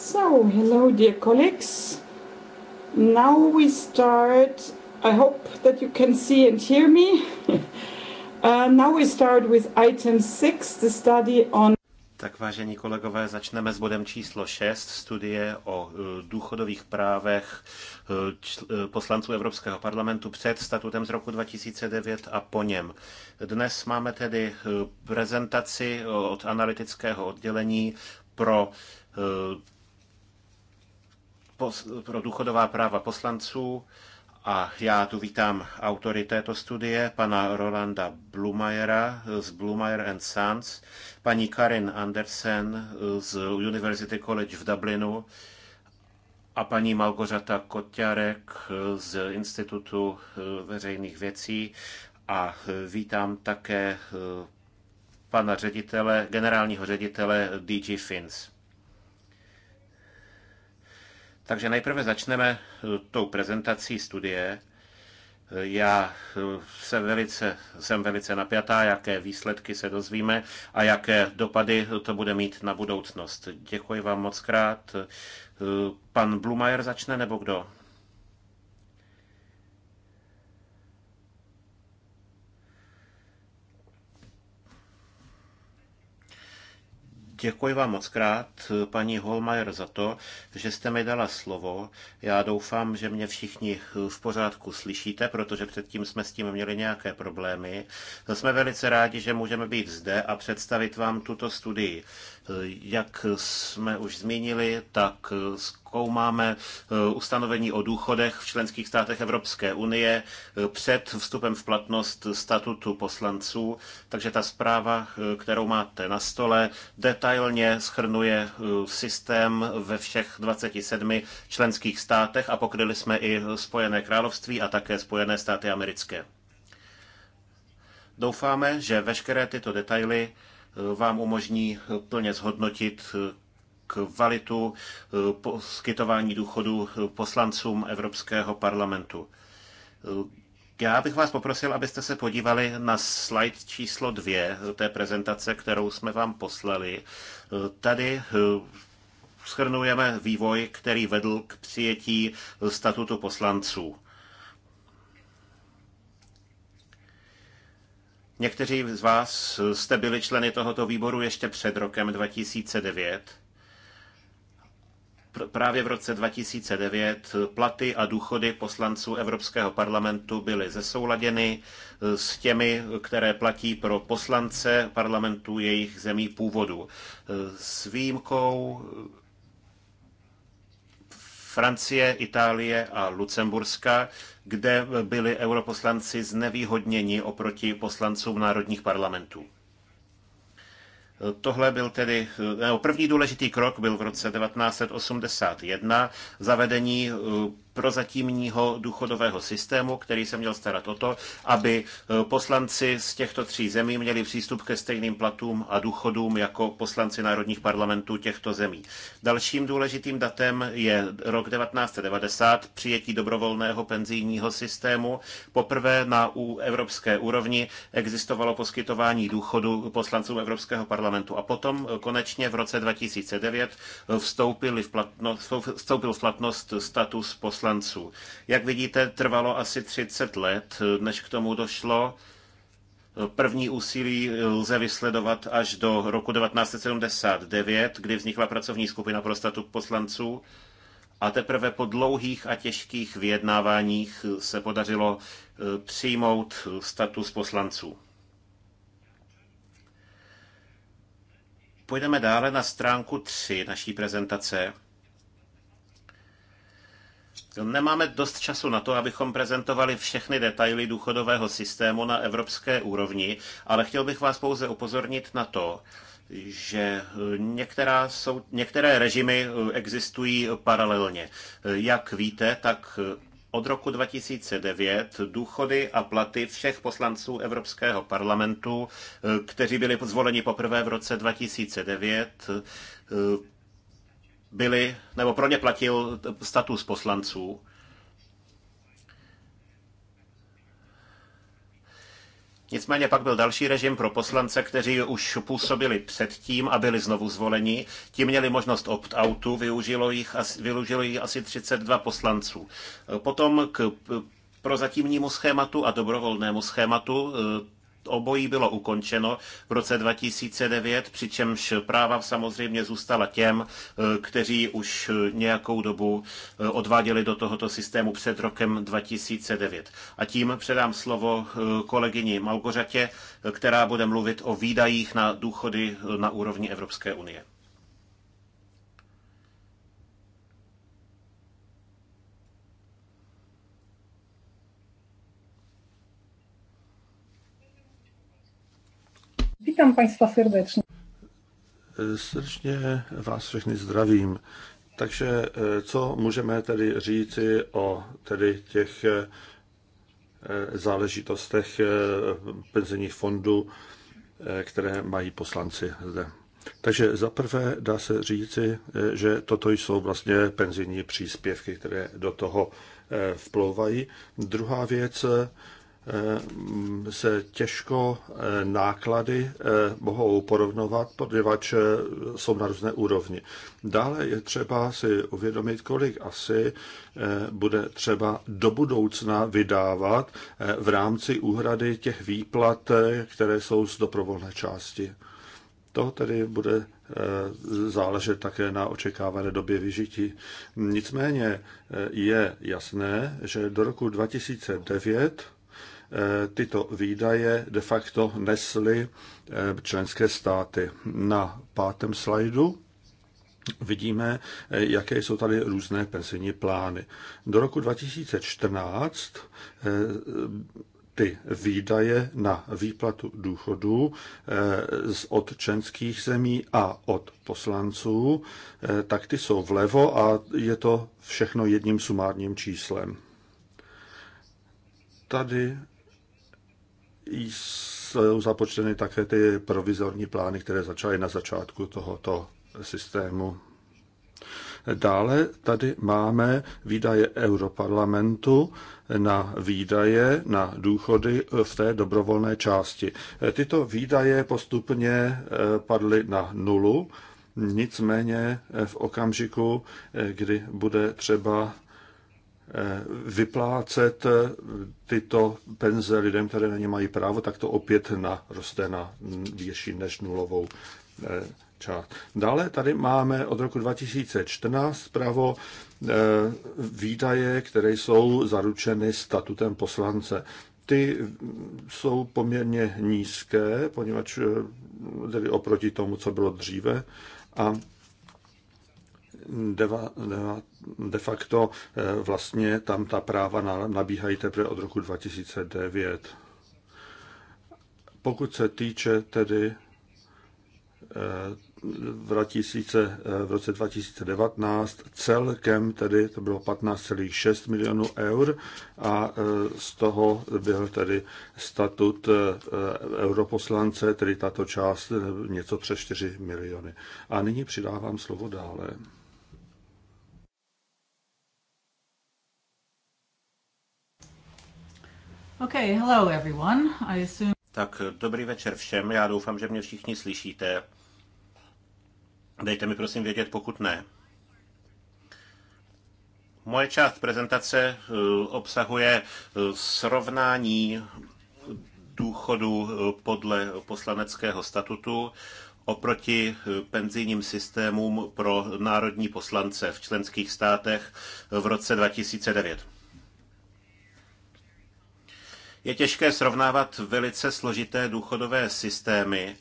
So, hello dear colleagues. Now we start, I hope that you can see and hear me. uh, now we start with item 6, the study on tak vážení kolegové, začneme s bodem číslo 6, studie o uh, důchodových právech uh, uh, poslanců Evropského parlamentu před statutem z roku 2009 a po něm. Dnes máme tedy prezentaci od analytického oddělení pro pro důchodová práva poslanců a já tu vítám autory této studie, pana Rolanda Blumajera z Blumayer Sons, paní Karin Andersen z University College v Dublinu a paní Malgořata Koťarek z Institutu veřejných věcí a vítám také pana ředitele, generálního ředitele DG Fins. Takže nejprve začneme eh, tou prezentací studie. Eh, já eh, se velice, jsem velice napjatá, jaké výsledky se dozvíme a jaké dopady to bude mít na budoucnost. Děkuji vám moc krát. Pan Blumajer začne nebo kdo? Děkuji vám moc krát, paní Holmajer, za to, že jste mi dala slovo. Já doufám, že mě všichni v pořádku slyšíte, protože předtím jsme s tím měli nějaké problémy. Jsme velice rádi, že můžeme být zde a představit vám tuto studii. Jak jsme už zmínili, tak zkoumáme eh, ustanovení o důchodech v členských státech Evropské unie eh, před vstupem v platnost statutu poslanců. Takže ta zpráva, eh, kterou máte na stole, detailně schrnuje systém ve všech 27 členských státech a pokryli jsme i Spojené království a také Spojené státy americké. Doufáme, že veškeré tyto detaily vám umožní plně zhodnotit kvalitu eh, poskytování důchodu eh, poslancům Evropského parlamentu. Eh, já bych vás poprosil, abyste se podívali na slide číslo dvě té prezentace, kterou jsme vám poslali. Tady schrnujeme vývoj, který vedl k přijetí statutu poslanců. Někteří z vás jste byli členy tohoto výboru ještě před rokem 2009. Právě v roce 2009 platy a důchody poslanců Evropského parlamentu byly zesouladěny eh, s těmi, které platí pro poslance parlamentu jejich zemí původu. Eh, s výjimkou Francie, Itálie a Lucemburska, kde byli europoslanci znevýhodněni oproti poslancům národních parlamentů. Tohle byl tedy, první důležitý krok byl v roce 1981 zavedení eh, prozatímního důchodového systému, který se měl starat o to, aby eh, poslanci z těchto tří zemí měli přístup ke stejným platům a důchodům jako poslanci národních parlamentů těchto zemí. Dalším důležitým datem je rok 1990, přijetí dobrovolného penzijního systému. Poprvé na evropské úrovni existovalo poskytování důchodu poslancům Evropského parlamentu a potom eh, konečně v roce 2009 eh, vstoupil v platnost, vstoupil v platnost status poslanců poslanců. Jak vidíte, trvalo asi 30 let, než k tomu došlo. První úsilí lze vysledovat až do roku 1979, kdy vznikla pracovní skupina pro statut poslanců. A teprve po dlouhých a těžkých vyjednáváních se podařilo eh, přijmout status poslanců. Půjdeme dále na stránku 3 naší prezentace. Nemáme dost času na to, abychom prezentovali všechny detaily důchodového systému na evropské úrovni, ale chtěl bych vás pouze upozornit na to, že některá jsou, některé režimy eh, existují paralelně. Eh, jak víte, tak eh, od roku 2009 důchody a platy všech poslanců Evropského parlamentu, kteří byli zvoleni poprvé v roce 2009, byli, nebo pro ně platil status poslanců. Nicméně pak byl další režim pro poslance, kteří už působili předtím a byli znovu zvoleni. Ti měli možnost opt-outu, využilo jich, využilo jich asi 32 poslanců. Potom k prozatímnímu schématu a dobrovolnému schématu obojí bylo ukončeno v roce 2009, přičemž práva samozřejmě zůstala těm, eh, kteří už eh, nějakou dobu eh, odváděli do tohoto systému před rokem 2009. A tím předám slovo kolegyni Malgořatě, která bude mluvit o výdajích na důchody na úrovni Evropské unie. Witam Państwa serdecznie. E, srdečně vás všechny zdravím. Takže e, co můžeme tedy říci o tedy těch e, záležitostech penzijních fondů, které mají poslanci zde? Takže za prvé dá se říci, že toto jsou vlastně penzijní příspěvky, které do toho vplouvají. Druhá věc, Eh, se těžko eh, náklady eh, mohou porovnovat, poněvadž jsou na různé úrovni. Dále je třeba si uvědomit, kolik asi bude třeba do budoucna vydávat v rámci úhrady těch výplat, které jsou z doprovolné části. To tedy bude záležet také na očekávané době vyžití. Nicméně je jasné, že do roku 2009 Eh, tyto výdaje de facto nesly eh, členské státy. Na pátém slajdu vidíme, eh, jaké jsou tady různé penzijní plány. Do roku 2014 ty výdaje na výplatu důchodů od členských zemí a od poslanců, tak ty jsou vlevo a je to všechno jedním sumárním číslem. Tady jsou započteny také ty provizorní plány, které začaly na začátku tohoto systému. Dále tady máme výdaje Europarlamentu na výdaje na důchody v té dobrovolné části. Tyto výdaje postupně eh, padly na nulu, nicméně eh, v okamžiku, eh, kdy bude třeba Eh, vyplácet eh, tyto penze lidem, které na ně mají právo, tak to opět naroste na větší než nulovou eh, část. Dále tady máme od roku 2014 právo výdaje, které jsou zaručeny statutem poslance. Ty jsou poměrně nízké, poněvadž tedy oproti tomu, co bylo dříve, a deva, deva, de facto eh, vlastně tam ta práva nabíhají teprve od roku 2009. Pokud se týče tedy eh, eh, v roce 2019 celkem tedy to bylo 15,6 milionů eur a z toho byl tedy statut europoslance, tedy tato část něco přes 4 miliony. A nyní přidávám slovo dále. Okay, hello everyone. I assume... Tak dobrý večer všem, já doufám, že mě všichni slyšíte. Dejte mi prosím vědět, pokud ne. Moje část prezentace eh, obsahuje eh, srovnání důchodu eh, podle poslaneckého statutu oproti penzijním systémům pro národní poslance v členských státech v roce 2009. Je těžké srovnávat velice složité důchodové systémy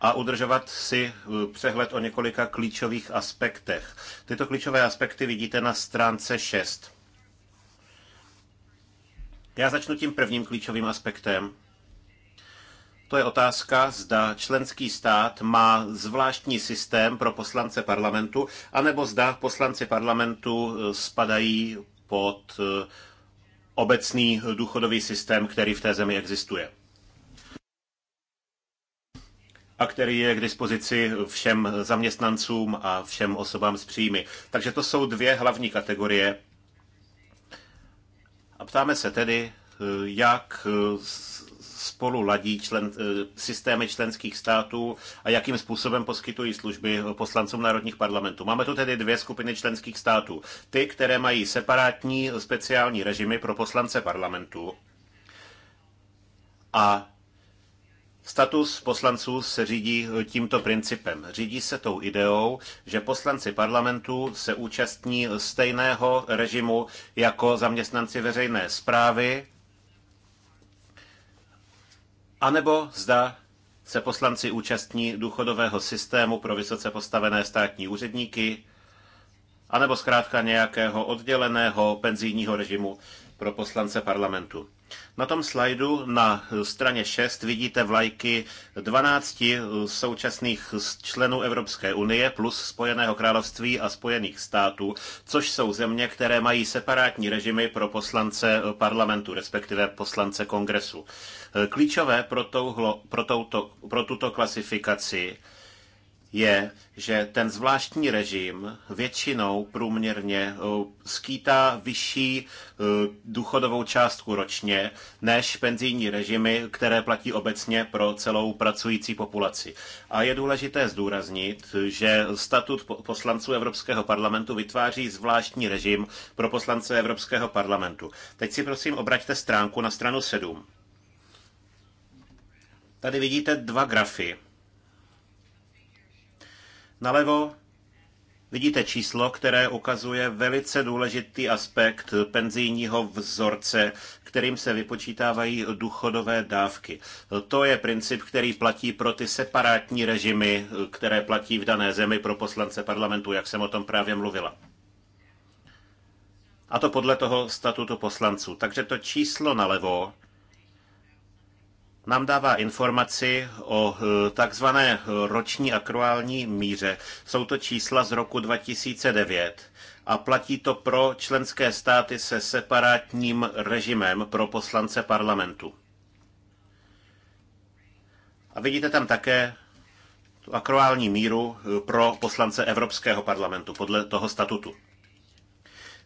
a udržovat si eh, přehled o několika klíčových aspektech. Tyto klíčové aspekty vidíte na stránce 6. Já začnu tím prvním klíčovým aspektem. To je otázka, zda členský stát má zvláštní systém pro poslance parlamentu, anebo zda poslanci parlamentu eh, spadají pod eh, obecný důchodový systém, který v té zemi existuje a který je k dispozici všem zaměstnancům a všem osobám s příjmy. Takže to jsou dvě hlavní kategorie. A ptáme se tedy, jak spolu ladí člen, e, systémy členských států a jakým způsobem poskytují služby poslancům národních parlamentů. Máme tu tedy dvě skupiny členských států. Ty, které mají separátní speciální režimy pro poslance parlamentu, a Status poslanců se řídí tímto principem. Řídí se tou ideou, že poslanci parlamentu se účastní stejného režimu jako zaměstnanci veřejné zprávy anebo zda se poslanci účastní důchodového systému pro vysoce postavené státní úředníky, anebo zkrátka nějakého odděleného penzijního režimu pro poslance parlamentu. Na tom slajdu na straně 6 vidíte vlajky 12 současných členů Evropské unie plus Spojeného království a Spojených států, což jsou země, které mají separátní režimy pro poslance parlamentu, respektive poslance kongresu. Klíčové pro, touhlo, pro, touto, pro tuto klasifikaci je, že ten zvláštní režim většinou průměrně eh, skýtá vyšší eh, důchodovou částku ročně než penzijní režimy, které platí obecně pro celou pracující populaci. A je důležité zdůraznit, že statut poslanců Evropského parlamentu vytváří zvláštní režim pro poslance Evropského parlamentu. Teď si prosím obraťte stránku na stranu 7. Tady vidíte dva grafy Nalevo vidíte číslo, které ukazuje velice důležitý aspekt penzijního vzorce, kterým se vypočítávají důchodové dávky. To je princip, který platí pro ty separátní režimy, které platí v dané zemi pro poslance parlamentu, jak jsem o tom právě mluvila. A to podle toho statutu poslanců. Takže to číslo nalevo nám dává informaci o e, takzvané e, roční akruální míře. Jsou to čísla z roku 2009 a platí to pro členské státy se separátním režimem pro poslance parlamentu. A vidíte tam také tu akruální míru e, pro poslance Evropského parlamentu podle toho statutu.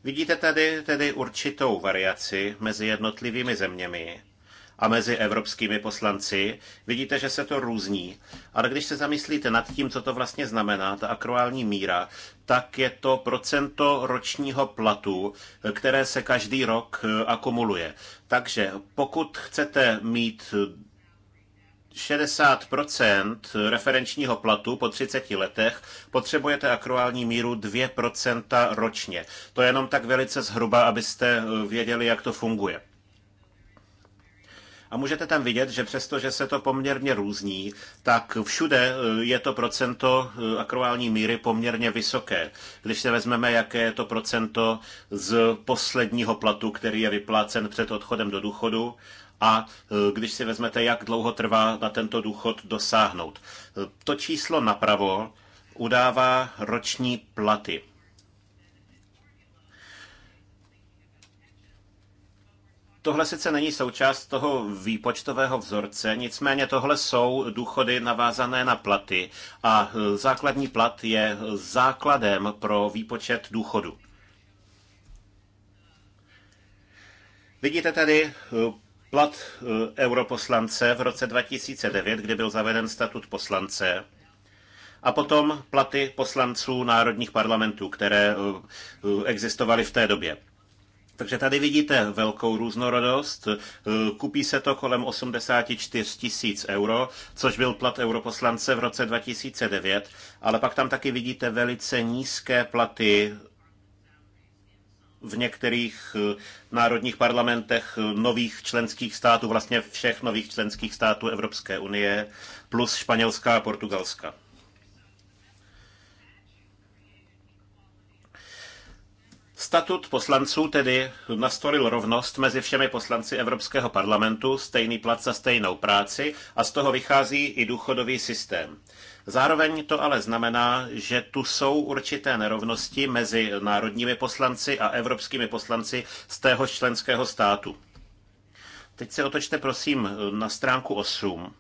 Vidíte tady tedy určitou variaci mezi jednotlivými zeměmi a mezi evropskými poslanci. Vidíte, že se to různí. Ale když se zamyslíte nad tím, co to vlastně znamená, ta akruální míra, tak je to procento ročního platu, které se každý rok e, akumuluje. Takže pokud chcete mít 60% referenčního platu po 30 letech potřebujete akruální míru 2% ročně. To je jenom tak velice zhruba, abyste e, věděli, jak to funguje. A můžete tam vidět, že přesto, že se to poměrně různí, tak všude eh, je to procento eh, akruální míry poměrně vysoké. Když se vezmeme, jaké je to procento z posledního platu, který je vyplácen před odchodem do důchodu, a eh, když si vezmete, jak dlouho trvá na tento důchod dosáhnout. To číslo napravo udává roční platy. Tohle sice není součást toho výpočtového vzorce, nicméně tohle jsou důchody navázané na platy a eh, základní plat je základem pro výpočet důchodu. Vidíte tady eh, plat eh, europoslance v roce 2009, kdy byl zaveden statut poslance a potom platy poslanců národních parlamentů, které existovaly v té době. Takže tady vidíte velkou různorodost. Eh, Kupí se to kolem 84 tisíc euro, což byl plat europoslance v roce 2009, ale pak tam taky vidíte velice nízké platy v některých eh, národních parlamentech eh, nových členských států, vlastně všech nových členských států Evropské unie, plus Španělská a Portugalska. Statut poslanců tedy nastolil rovnost mezi všemi poslanci Evropského parlamentu, stejný plat za stejnou práci a z toho vychází i důchodový systém. Zároveň to ale znamená, že tu jsou určité nerovnosti mezi národními poslanci a evropskými poslanci z téhož členského státu. Teď se otočte prosím na stránku 8.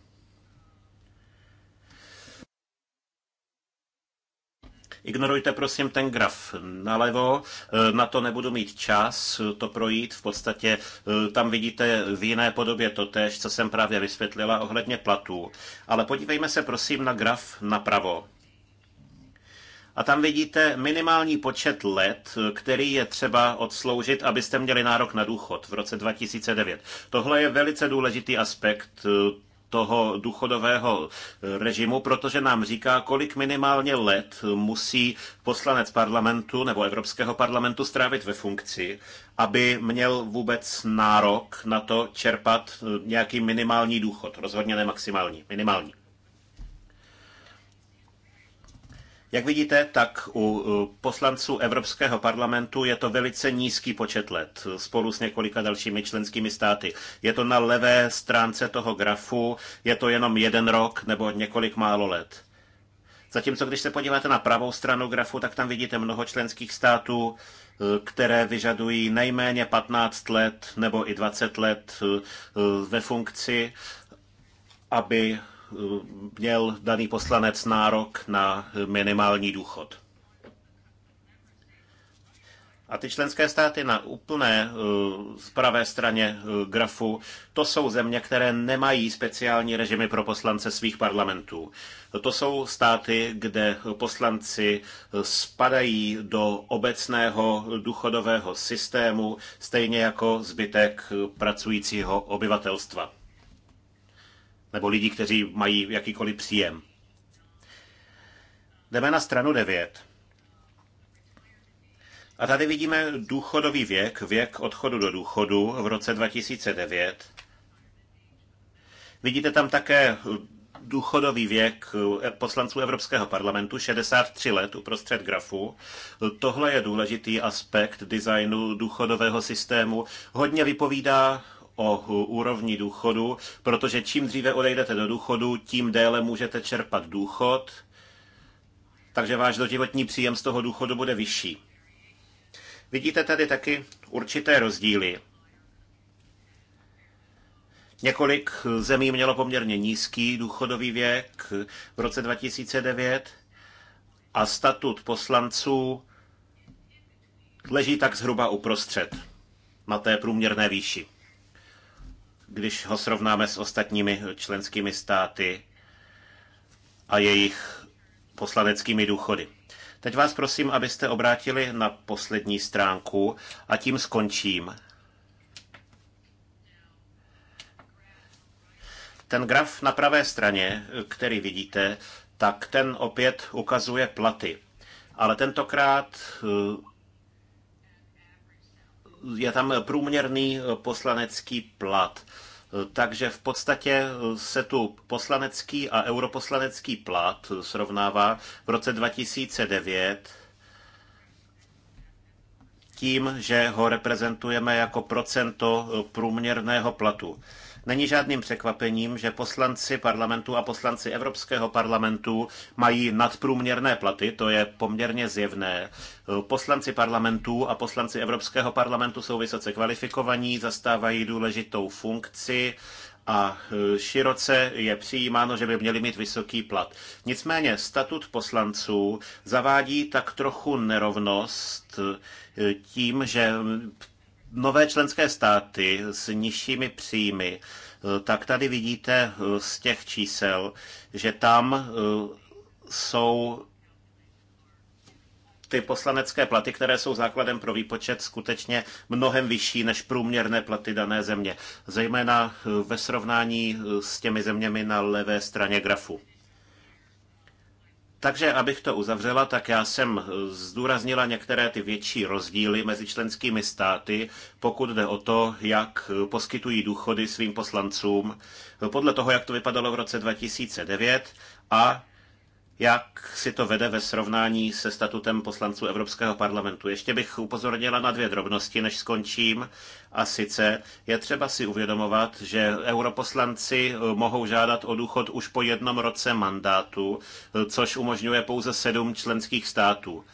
Ignorujte prosím ten graf nalevo, e, na to nebudu mít čas e, to projít. V podstatě e, tam vidíte v jiné podobě to tež, co jsem právě vysvětlila ohledně platů. Ale podívejme se prosím na graf napravo. A tam vidíte minimální počet let, který je třeba odsloužit, abyste měli nárok na důchod v roce 2009. Tohle je velice důležitý aspekt toho důchodového eh, režimu, protože nám říká, kolik minimálně let musí poslanec parlamentu nebo Evropského parlamentu strávit ve funkci, aby měl vůbec nárok na to čerpat eh, nějaký minimální důchod, rozhodně ne maximální, minimální. Jak vidíte, tak u poslanců Evropského parlamentu je to velice nízký počet let spolu s několika dalšími členskými státy. Je to na levé stránce toho grafu, je to jenom jeden rok nebo několik málo let. Zatímco když se podíváte na pravou stranu grafu, tak tam vidíte mnoho členských států, které vyžadují nejméně 15 let nebo i 20 let eh, ve funkci, aby měl daný poslanec nárok na minimální důchod. A ty členské státy na úplné e, pravé straně e, grafu, to jsou země, které nemají speciální režimy pro poslance svých parlamentů. To jsou státy, kde poslanci e, spadají do obecného důchodového systému, stejně jako zbytek pracujícího obyvatelstva nebo lidí, kteří mají jakýkoliv příjem. Jdeme na stranu 9. A tady vidíme důchodový věk, věk odchodu do důchodu v roce 2009. Vidíte tam také důchodový věk poslanců Evropského parlamentu, 63 let uprostřed grafu. Tohle je důležitý aspekt designu důchodového systému. Hodně vypovídá o úrovni důchodu, protože čím dříve odejdete do důchodu, tím déle můžete čerpat důchod, takže váš doživotní příjem z toho důchodu bude vyšší. Vidíte tady taky určité rozdíly. Několik zemí mělo poměrně nízký důchodový věk v roce 2009 a statut poslanců leží tak zhruba uprostřed na té průměrné výši když ho srovnáme s ostatními členskými státy a jejich poslaneckými důchody. Teď vás prosím, abyste obrátili na poslední stránku a tím skončím. Ten graf na pravé straně, který vidíte, tak ten opět ukazuje platy. Ale tentokrát je tam průměrný eh, poslanecký plat. Eh, takže v podstatě eh, se tu poslanecký a europoslanecký plat srovnává v roce 2009 tím, že ho reprezentujeme jako procento průměrného platu. Není žádným překvapením, že poslanci parlamentu a poslanci Evropského parlamentu mají nadprůměrné platy, to je poměrně zjevné. Poslanci parlamentu a poslanci Evropského parlamentu jsou vysoce kvalifikovaní, zastávají důležitou funkci a e, široce je přijímáno, že by měli mít vysoký plat. Nicméně statut poslanců zavádí tak trochu nerovnost e, tím, že nové členské státy s nižšími příjmy, eh, tak tady vidíte eh, z těch čísel, že tam eh, jsou ty poslanecké platy, které jsou základem pro výpočet, skutečně mnohem vyšší než průměrné platy dané země, zejména ve srovnání s těmi zeměmi na levé straně grafu. Takže abych to uzavřela, tak já jsem eh, zdůraznila některé ty větší rozdíly mezi členskými státy, pokud jde o to, jak eh, poskytují důchody svým poslancům, eh, podle toho, jak to vypadalo v roce 2009 a jak si to vede ve srovnání se statutem poslanců Evropského parlamentu. Ještě bych upozornila na dvě drobnosti, než skončím. A sice je třeba si uvědomovat, že europoslanci eh, mohou žádat o důchod už po jednom roce mandátu, eh, což umožňuje pouze sedm členských států.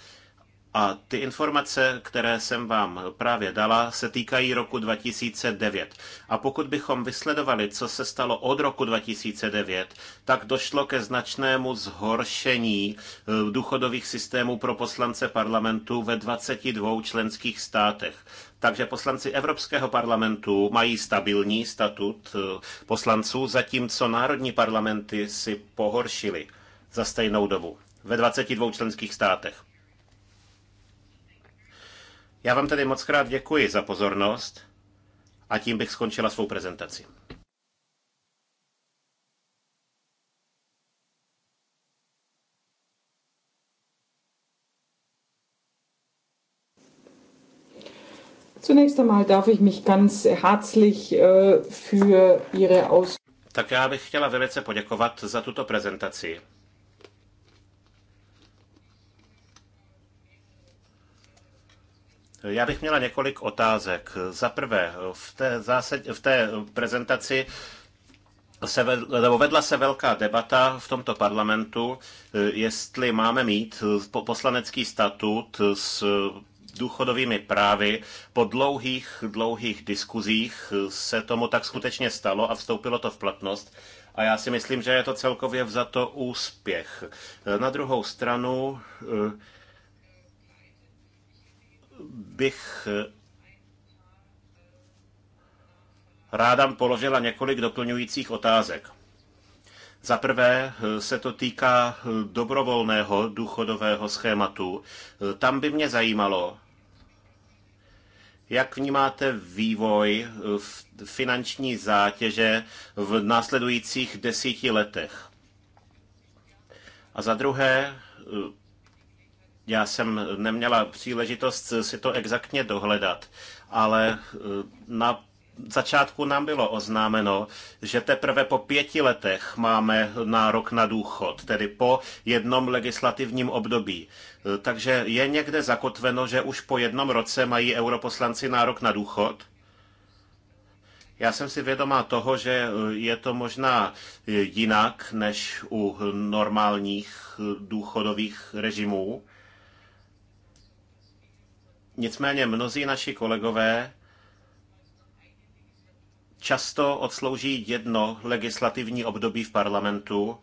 A ty informace, které jsem vám právě dala, se týkají roku 2009. A pokud bychom vysledovali, co se stalo od roku 2009, tak došlo ke značnému zhoršení eh, důchodových systémů pro poslance parlamentu ve 22 členských státech. Takže poslanci Evropského parlamentu mají stabilní statut eh, poslanců, zatímco národní parlamenty si pohoršili za stejnou dobu ve 22 členských státech. Já vám tedy moc krát děkuji za pozornost a tím bych skončila svou prezentaci. Zunächst einmal darf ich mich ganz herzlich äh, für Ihre Aus. Tak já bych chtěla velice poděkovat za tuto prezentaci. Já bych měla několik otázek. Za prvé, v té, zásad, v té prezentaci se vedla, nebo vedla se velká debata v tomto parlamentu, jestli máme mít poslanecký statut s důchodovými právy. Po dlouhých, dlouhých diskuzích se tomu tak skutečně stalo a vstoupilo to v platnost. A já si myslím, že je to celkově vzato úspěch. Na druhou stranu eh, bych eh, ráda položila několik doplňujících otázek. Za prvé eh, se to týká eh, dobrovolného důchodového schématu. Tam by mě zajímalo, jak vnímáte vývoj v finanční zátěže v následujících desíti letech? A za druhé, já jsem neměla příležitost si to exaktně dohledat, ale eh, na začátku nám bylo oznámeno, že teprve po pěti letech máme nárok na důchod, tedy po jednom legislativním období. Eh, takže je někde zakotveno, že už po jednom roce mají europoslanci nárok na důchod? Já jsem si vědomá toho, že eh, je to možná jinak než u normálních důchodových režimů, Nicméně mnozí naši kolegové často odslouží jedno legislativní období v parlamentu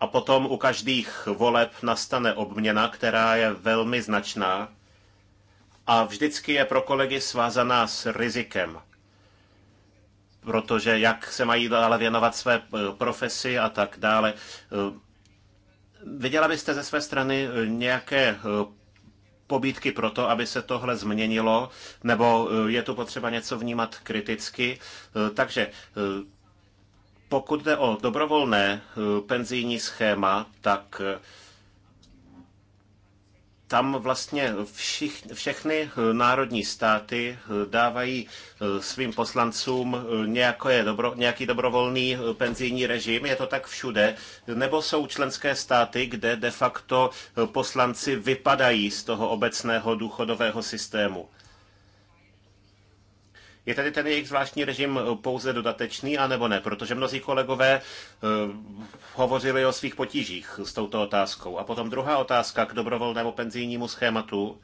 a potom u každých voleb nastane obměna, která je velmi značná a vždycky je pro kolegy svázaná s rizikem. Protože jak se mají dále věnovat své eh, profesi a tak dále. Eh, viděla byste ze své strany eh, nějaké pobídky pro to, aby se tohle změnilo, nebo eh, je tu potřeba něco vnímat kriticky. Eh, takže eh, pokud jde o dobrovolné penzijní schéma, tak tam vlastně všich, všechny eh, národní státy eh, dávají eh, svým poslancům nějaké dobro, nějaký dobrovolný penzijní režim, je to tak všude, nebo jsou členské státy, kde de facto poslanci vypadají z toho obecného důchodového systému? Je tedy ten jejich zvláštní režim eh, pouze dodatečný, anebo ne? Protože mnozí kolegové eh, hovořili o svých potížích s touto otázkou. A potom druhá otázka k dobrovolnému penzijnímu schématu.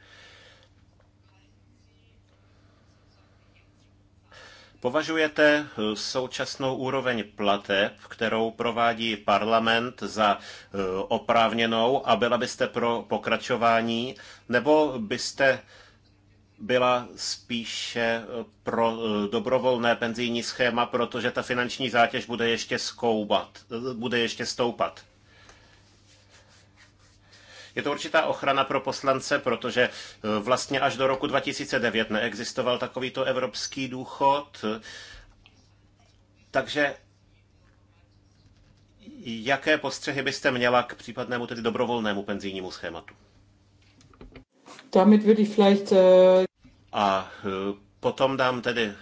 Považujete eh, současnou úroveň plateb, kterou provádí parlament za oprávněnou a byla byste pro pokračování, nebo byste byla spíše eh, pro eh, dobrovolné penzijní schéma, protože ta finanční zátěž bude ještě skoubat, eh, bude ještě stoupat. Je to určitá ochrana pro poslance, protože vlastně až do roku 2009 neexistoval takovýto evropský důchod. Takže jaké postřehy byste měla k případnému tedy dobrovolnému penzijnímu schématu? Damit würde ich vielleicht äh a e, potom dám tedy, e,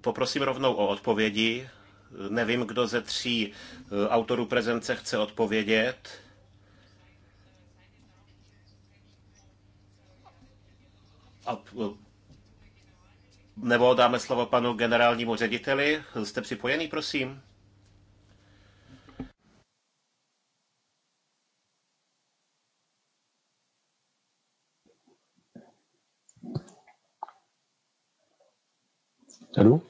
poprosím rovnou o odpovědi. Nevím, kdo ze tří e, autorů prezence chce odpovědět. A nebo dáme slovo panu generálnímu řediteli. Jste připojený, prosím? Allô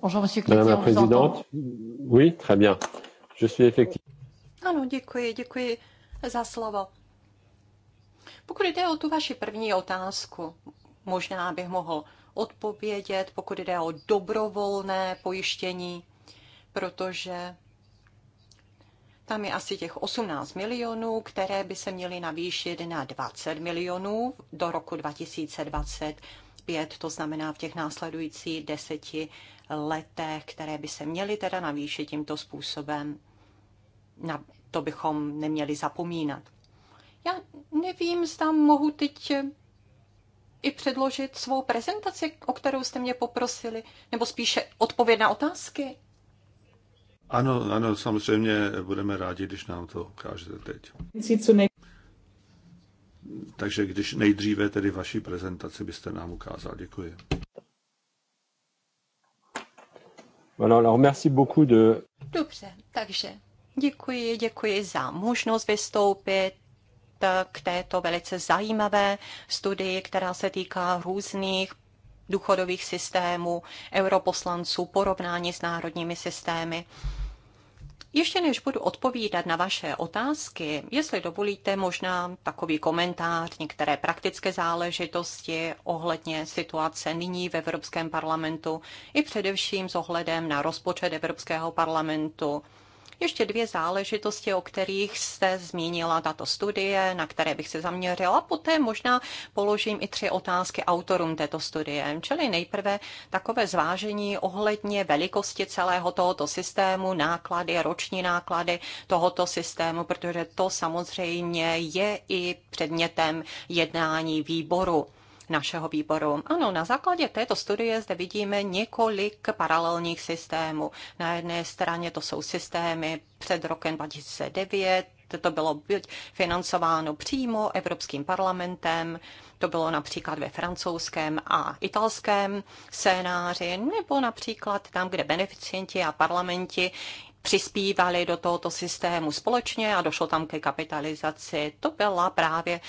Bonjour, Monsieur Madame la présidente, oui, très bien. Je suis effectivement. Ano, děkuji, děkuji za slovo. Pokud jde o tu vaši první otázku, možná bych mohl odpovědět, pokud jde o dobrovolné pojištění, protože tam je asi těch 18 milionů, které by se měly navýšit na 20 milionů do roku 2025, to znamená v těch následujících deseti letech, které by se měly teda navýšit tímto způsobem. Na to bychom neměli zapomínat. Já nevím, zda mohu teď i předložit svou prezentaci, o kterou jste mě poprosili, nebo spíše odpověď na otázky. Ano, ano, samozřejmě budeme rádi, když nám to ukážete teď. Takže když nejdříve tedy vaší prezentaci byste nám ukázal. Děkuji. Dobře, takže děkuji, děkuji za možnost vystoupit k této velice zajímavé studii, která se týká různých důchodových systémů, europoslanců, porovnání s národními systémy. Ještě než budu odpovídat na vaše otázky, jestli dovolíte možná takový komentář, některé praktické záležitosti ohledně situace nyní v Evropském parlamentu i především s ohledem na rozpočet Evropského parlamentu ještě dvě záležitosti, o kterých jste zmínila tato studie, na které bych se zaměřila. Poté možná položím i tři otázky autorům této studie. Čili nejprve takové zvážení ohledně velikosti celého tohoto systému, náklady, roční náklady tohoto systému, protože to samozřejmě je i předmětem jednání výboru našeho výboru. Ano, na základě této studie zde vidíme několik paralelních systémů. Na jedné straně to jsou systémy před rokem 2009, to bylo financováno přímo Evropským parlamentem, to bylo například ve francouzském a italském scénáři, nebo například tam, kde beneficienti a parlamenti přispívali do tohoto systému společně a došlo tam ke kapitalizaci. To byla právě,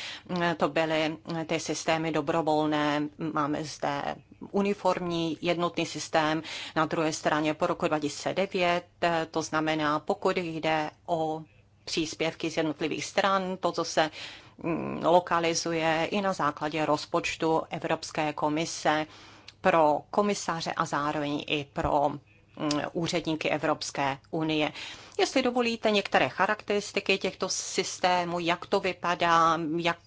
to byly eh, ty systémy dobrovolné. Máme zde uniformní jednotný systém na druhé straně po roku 2009, eh, to znamená, pokud jde o příspěvky z jednotlivých stran, to, co se mm, lokalizuje i na základě rozpočtu Evropské komise pro komisaře a zároveň i pro Mm, úředníky Evropské unie. Jestli dovolíte některé charakteristiky těchto systémů, jak to vypadá, jak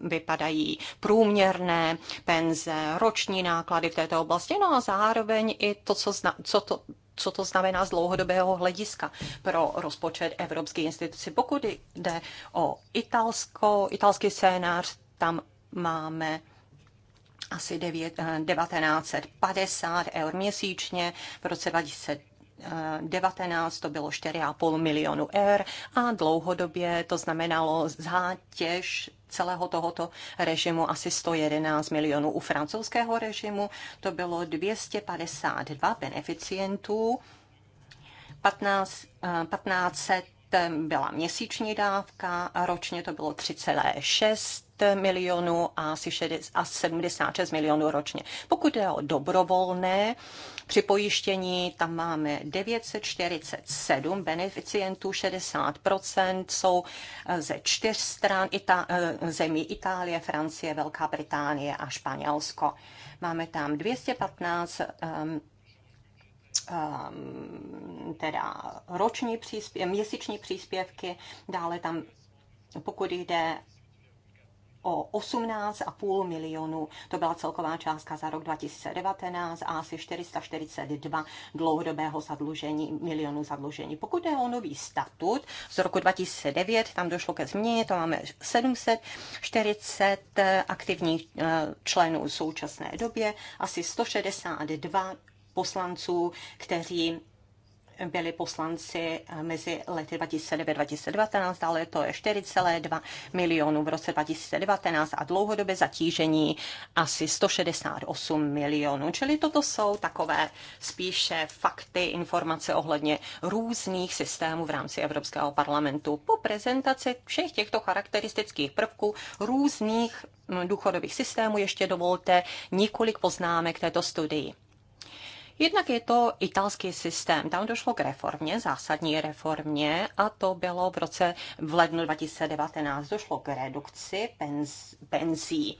vypadají průměrné penze, roční náklady v této oblasti, no a zároveň i to, co, zna, co to co to znamená z dlouhodobého hlediska pro rozpočet Evropské instituce. Pokud jde o Italsko, italský scénář, tam máme asi 9, 1950 eh, eur měsíčně. V roce 2019 to bylo 4,5 milionu eur a dlouhodobě to znamenalo zátěž celého tohoto režimu asi 111 milionů. U francouzského režimu to bylo 252 beneficientů, 15, 1500 eh, byla měsíční dávka, ročně to bylo 3,6 milionů a asi 76 milionů ročně. Pokud je o dobrovolné připojištění, tam máme 947 beneficientů, 60% jsou eh, ze čtyř stran Ita- eh, zemí Itálie, Francie, Velká Británie a Španělsko. Máme tam 215 um, Ehm, teda roční příspěvky, měsíční příspěvky, dále tam, pokud jde o 18,5 milionů. To byla celková částka za rok 2019 a asi 442 dlouhodobého zadlužení, milionů zadlužení. Pokud je o nový statut z roku 2009, tam došlo ke změně, to máme 740 aktivních eh, členů v současné době, asi 162 poslanců, kteří byli poslanci mezi lety 2009-2019, ale to je 4,2 milionů v roce 2019 a dlouhodobé zatížení asi 168 milionů. Čili toto jsou takové spíše fakty, informace ohledně různých systémů v rámci Evropského parlamentu. Po prezentaci všech těchto charakteristických prvků různých důchodových systémů ještě dovolte několik poznámek této studii. Jednak je to italský systém. Tam došlo k reformě, zásadní reformě a to bylo v roce v lednu 2019. Došlo k redukci penzí.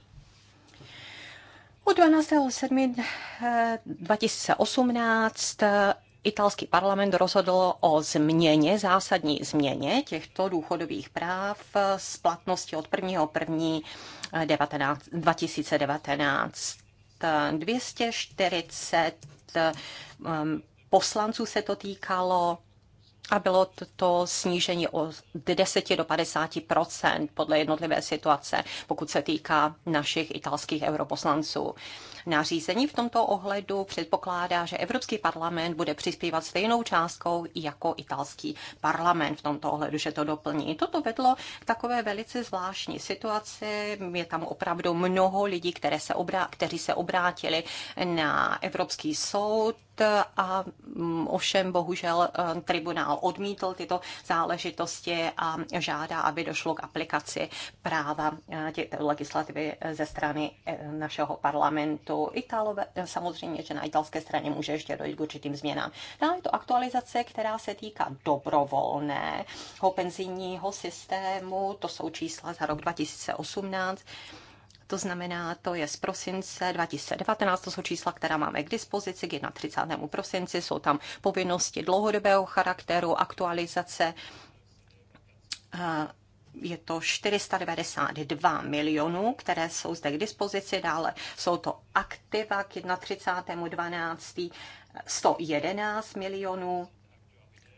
Od 12.7.2018 eh, eh, italský parlament rozhodl o změně, zásadní změně těchto důchodových práv s eh, platností od 1. 1. 2019. 240 um, poslanců se to týkalo a bylo to, to snížení od 10 do 50 podle jednotlivé situace, pokud se týká našich italských europoslanců nařízení v tomto ohledu předpokládá, že Evropský parlament bude přispívat stejnou částkou jako italský parlament v tomto ohledu, že to doplní. Toto vedlo k takové velice zvláštní situaci. Je tam opravdu mnoho lidí, které se obrá- kteří se obrátili na Evropský soud a mm, ovšem bohužel eh, tribunál odmítl tyto záležitosti a žádá, aby došlo k aplikaci práva eh, legislativy eh, ze strany našeho parlamentu to Italové, samozřejmě, že na italské straně může ještě dojít k určitým změnám. Dále no, je to aktualizace, která se týká dobrovolného penzijního systému, to jsou čísla za rok 2018, to znamená, to je z prosince 2019, to jsou čísla, která máme k dispozici k 31. prosinci, jsou tam povinnosti dlouhodobého charakteru, aktualizace je to 492 milionů, které jsou zde k dispozici. Dále jsou to aktiva k 31.12. 111 milionů.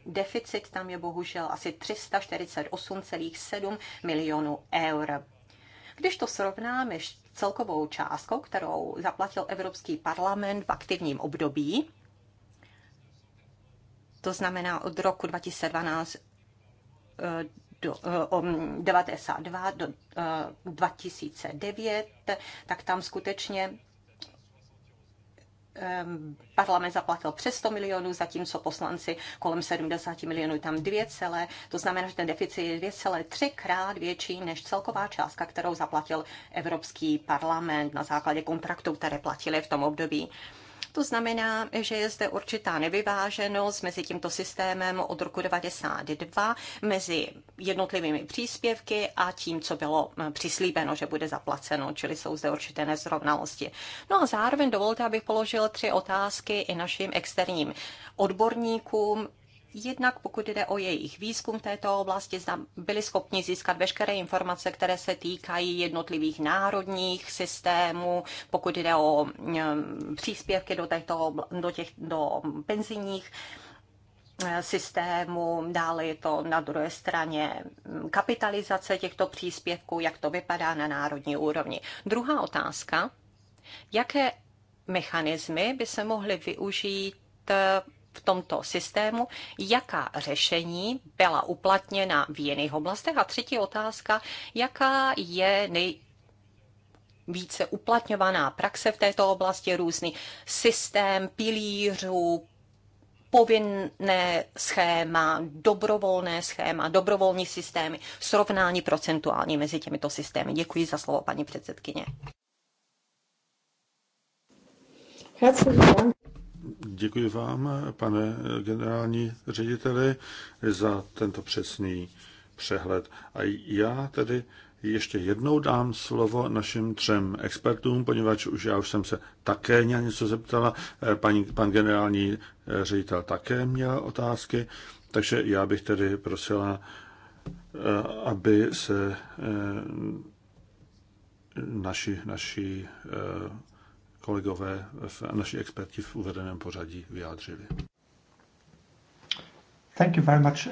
Deficit tam je bohužel asi 348,7 milionů eur. Když to srovnáme s celkovou částkou, kterou zaplatil Evropský parlament v aktivním období, to znamená od roku 2012 do, um, eh, 92 do uh, eh, 2009, tak tam skutečně um, parlament zaplatil přes 100 milionů, zatímco poslanci kolem 70 milionů, tam 2 celé. To znamená, že ten deficit je dvě celé třikrát větší než celková částka, kterou zaplatil Evropský parlament na základě kontraktů, které platili v tom období. Uh, to znamená, že je zde určitá nevyváženost mezi tímto systémem od roku 92, mezi jednotlivými příspěvky a tím, co bylo přislíbeno, že bude zaplaceno, čili jsou zde určité nezrovnalosti. No a zároveň dovolte, abych položil tři otázky i našim externím odborníkům, Jednak pokud jde o jejich výzkum této oblasti, byli schopni získat veškeré informace, které se týkají jednotlivých národních systémů, pokud jde o mm, příspěvky do, této, do, těch, do penzijních eh, systému, dále je to na druhé straně mm, kapitalizace těchto příspěvků, jak to vypadá na národní úrovni. Druhá otázka, jaké mechanismy by se mohly využít eh, v tomto systému, jaká řešení byla uplatněna v jiných oblastech. A třetí otázka, jaká je nej, více uplatňovaná praxe v této oblasti, různý systém pilířů, povinné schéma, dobrovolné schéma, dobrovolní systémy, srovnání procentuální mezi těmito systémy. Děkuji za slovo, paní předsedkyně. Děkuji vám, pane generální řediteli, za tento přesný přehled. A já tedy ještě jednou dám slovo našim třem expertům, poněvadž už já už jsem se také na něco zeptala. Paní, pan generální ředitel také měl otázky, takže já bych tedy prosila, aby se eh, naši, naši eh, kolegové, v naši experti v uvedeném pořadí vyjádřili. Thank you very much,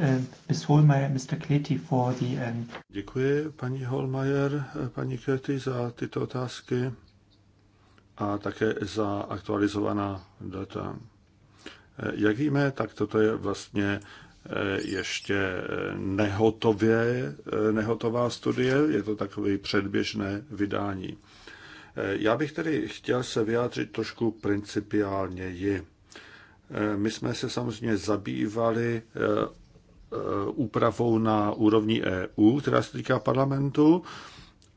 Ms. Holmeyer, Mr. Kleti for the... Um, Děkuji, paní Holmeyer, paní Kleti, za tyto otázky a také za aktualizovaná data. Jak víme, tak toto je vlastně eh, ještě eh, nehotově, eh, nehotová studie, je to takové předběžné vydání. Eh, já bych tedy chtěl se vyjádřit trošku principiálněji. Eh, my jsme se samozřejmě zabývali eh, úpravou na úrovni EU, která se týká parlamentu,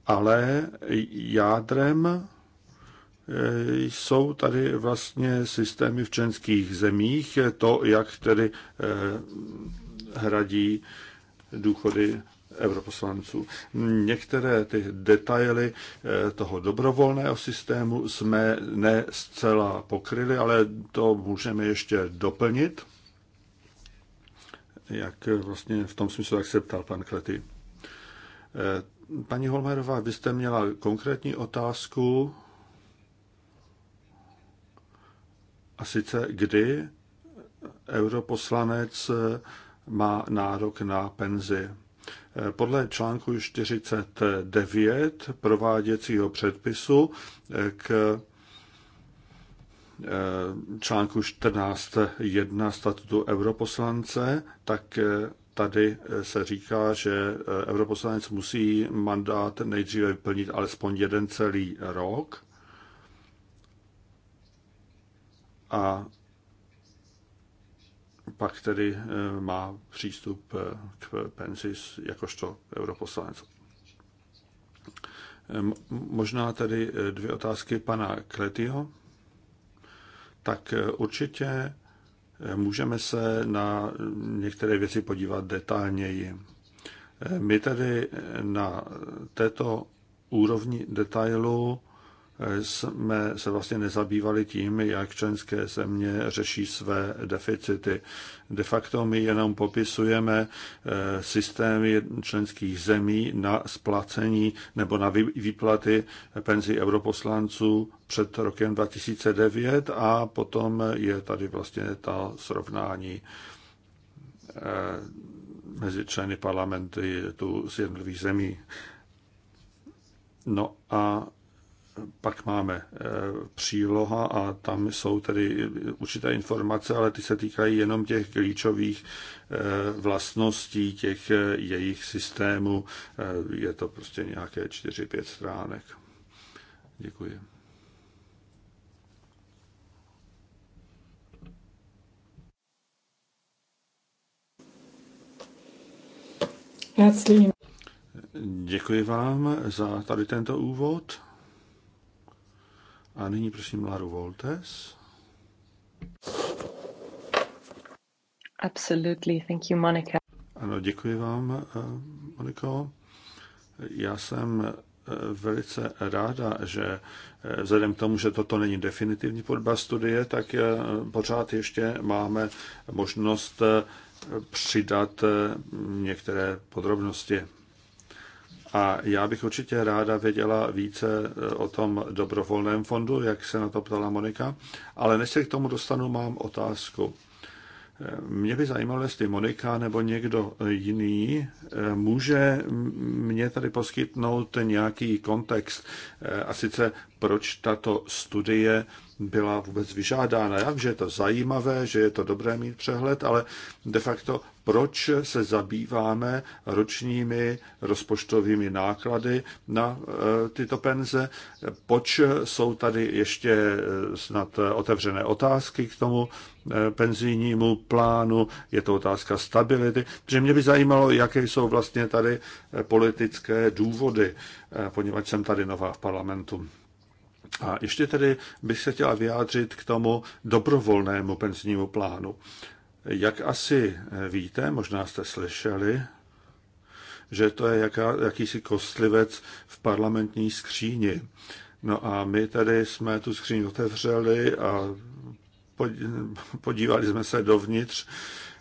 ale jádrem jsou tady vlastně systémy v členských zemích, to, jak tedy hradí důchody europoslanců. Některé ty detaily eh, toho dobrovolného systému jsme ne zcela pokryli, ale to můžeme ještě doplnit. Jak eh, vlastně v tom smyslu, jak se ptal pan Klety. Eh, paní Holmerová, vy jste měla konkrétní otázku a sice kdy europoslanec má nárok na penzi podle článku 49 prováděcího předpisu k eh, článku 14.1 statutu europoslance, tak eh, tady eh, se říká, že europoslanec musí mandát nejdříve vyplnit alespoň jeden celý rok. A pak tedy eh, má přístup eh, k penzi jakožto europoslanec. Eh, možná tedy dvě otázky pana Kletyho. Tak určitě můžeme se na některé věci podívat detailněji. My tedy na této úrovni detailu jsme se vlastně nezabývali tím, jak členské země řeší své deficity. De facto my jenom popisujeme eh, systémy členských zemí na splacení nebo na výplaty penzí europoslanců před rokem 2009 a potom je tady vlastně ta srovnání eh, mezi členy parlamenty tu z jednotlivých zemí. No a pak máme eh, příloha a tam jsou tedy určité informace, ale ty se týkají jenom těch klíčových eh, vlastností těch eh, jejich systémů. Je to prostě nějaké 4-5 stránek. Děkuji. Děkuji vám za tady tento úvod. A nyní prosím Laru Voltes. Absolutely, thank you, Monica. Ano, děkuji vám, eh, Moniko. Já jsem eh, velice ráda, že eh, vzhledem k tomu, že toto není definitivní podba studie, tak pořád ještě máme možnost přidat některé podrobnosti. A já bych určitě ráda věděla více eh, o tom dobrovolném fondu, jak se na to ptala Monika, ale než se k tomu dostanu, mám otázku. Eh, mě by zajímalo, jestli Monika nebo někdo eh, jiný může mě tady poskytnout nějaký kontext, a sice proč tato studie byla vůbec vyžádána. Já vím, že je to zajímavé, že je to dobré mít přehled, ale de facto proč se zabýváme ročními rozpočtovými náklady na e, tyto penze, proč jsou tady ještě e, snad otevřené otázky k tomu e, penzijnímu plánu, je to otázka stability, protože mě by zajímalo, jaké jsou vlastně tady politické důvody, poněvadž jsem tady nová v parlamentu. A ještě tedy bych se chtěla vyjádřit k tomu dobrovolnému penzijnímu plánu. Jak asi víte, možná jste slyšeli, že to je jaká, jakýsi kostlivec v parlamentní skříni. No a my tady jsme tu skříň otevřeli a podívali jsme se dovnitř,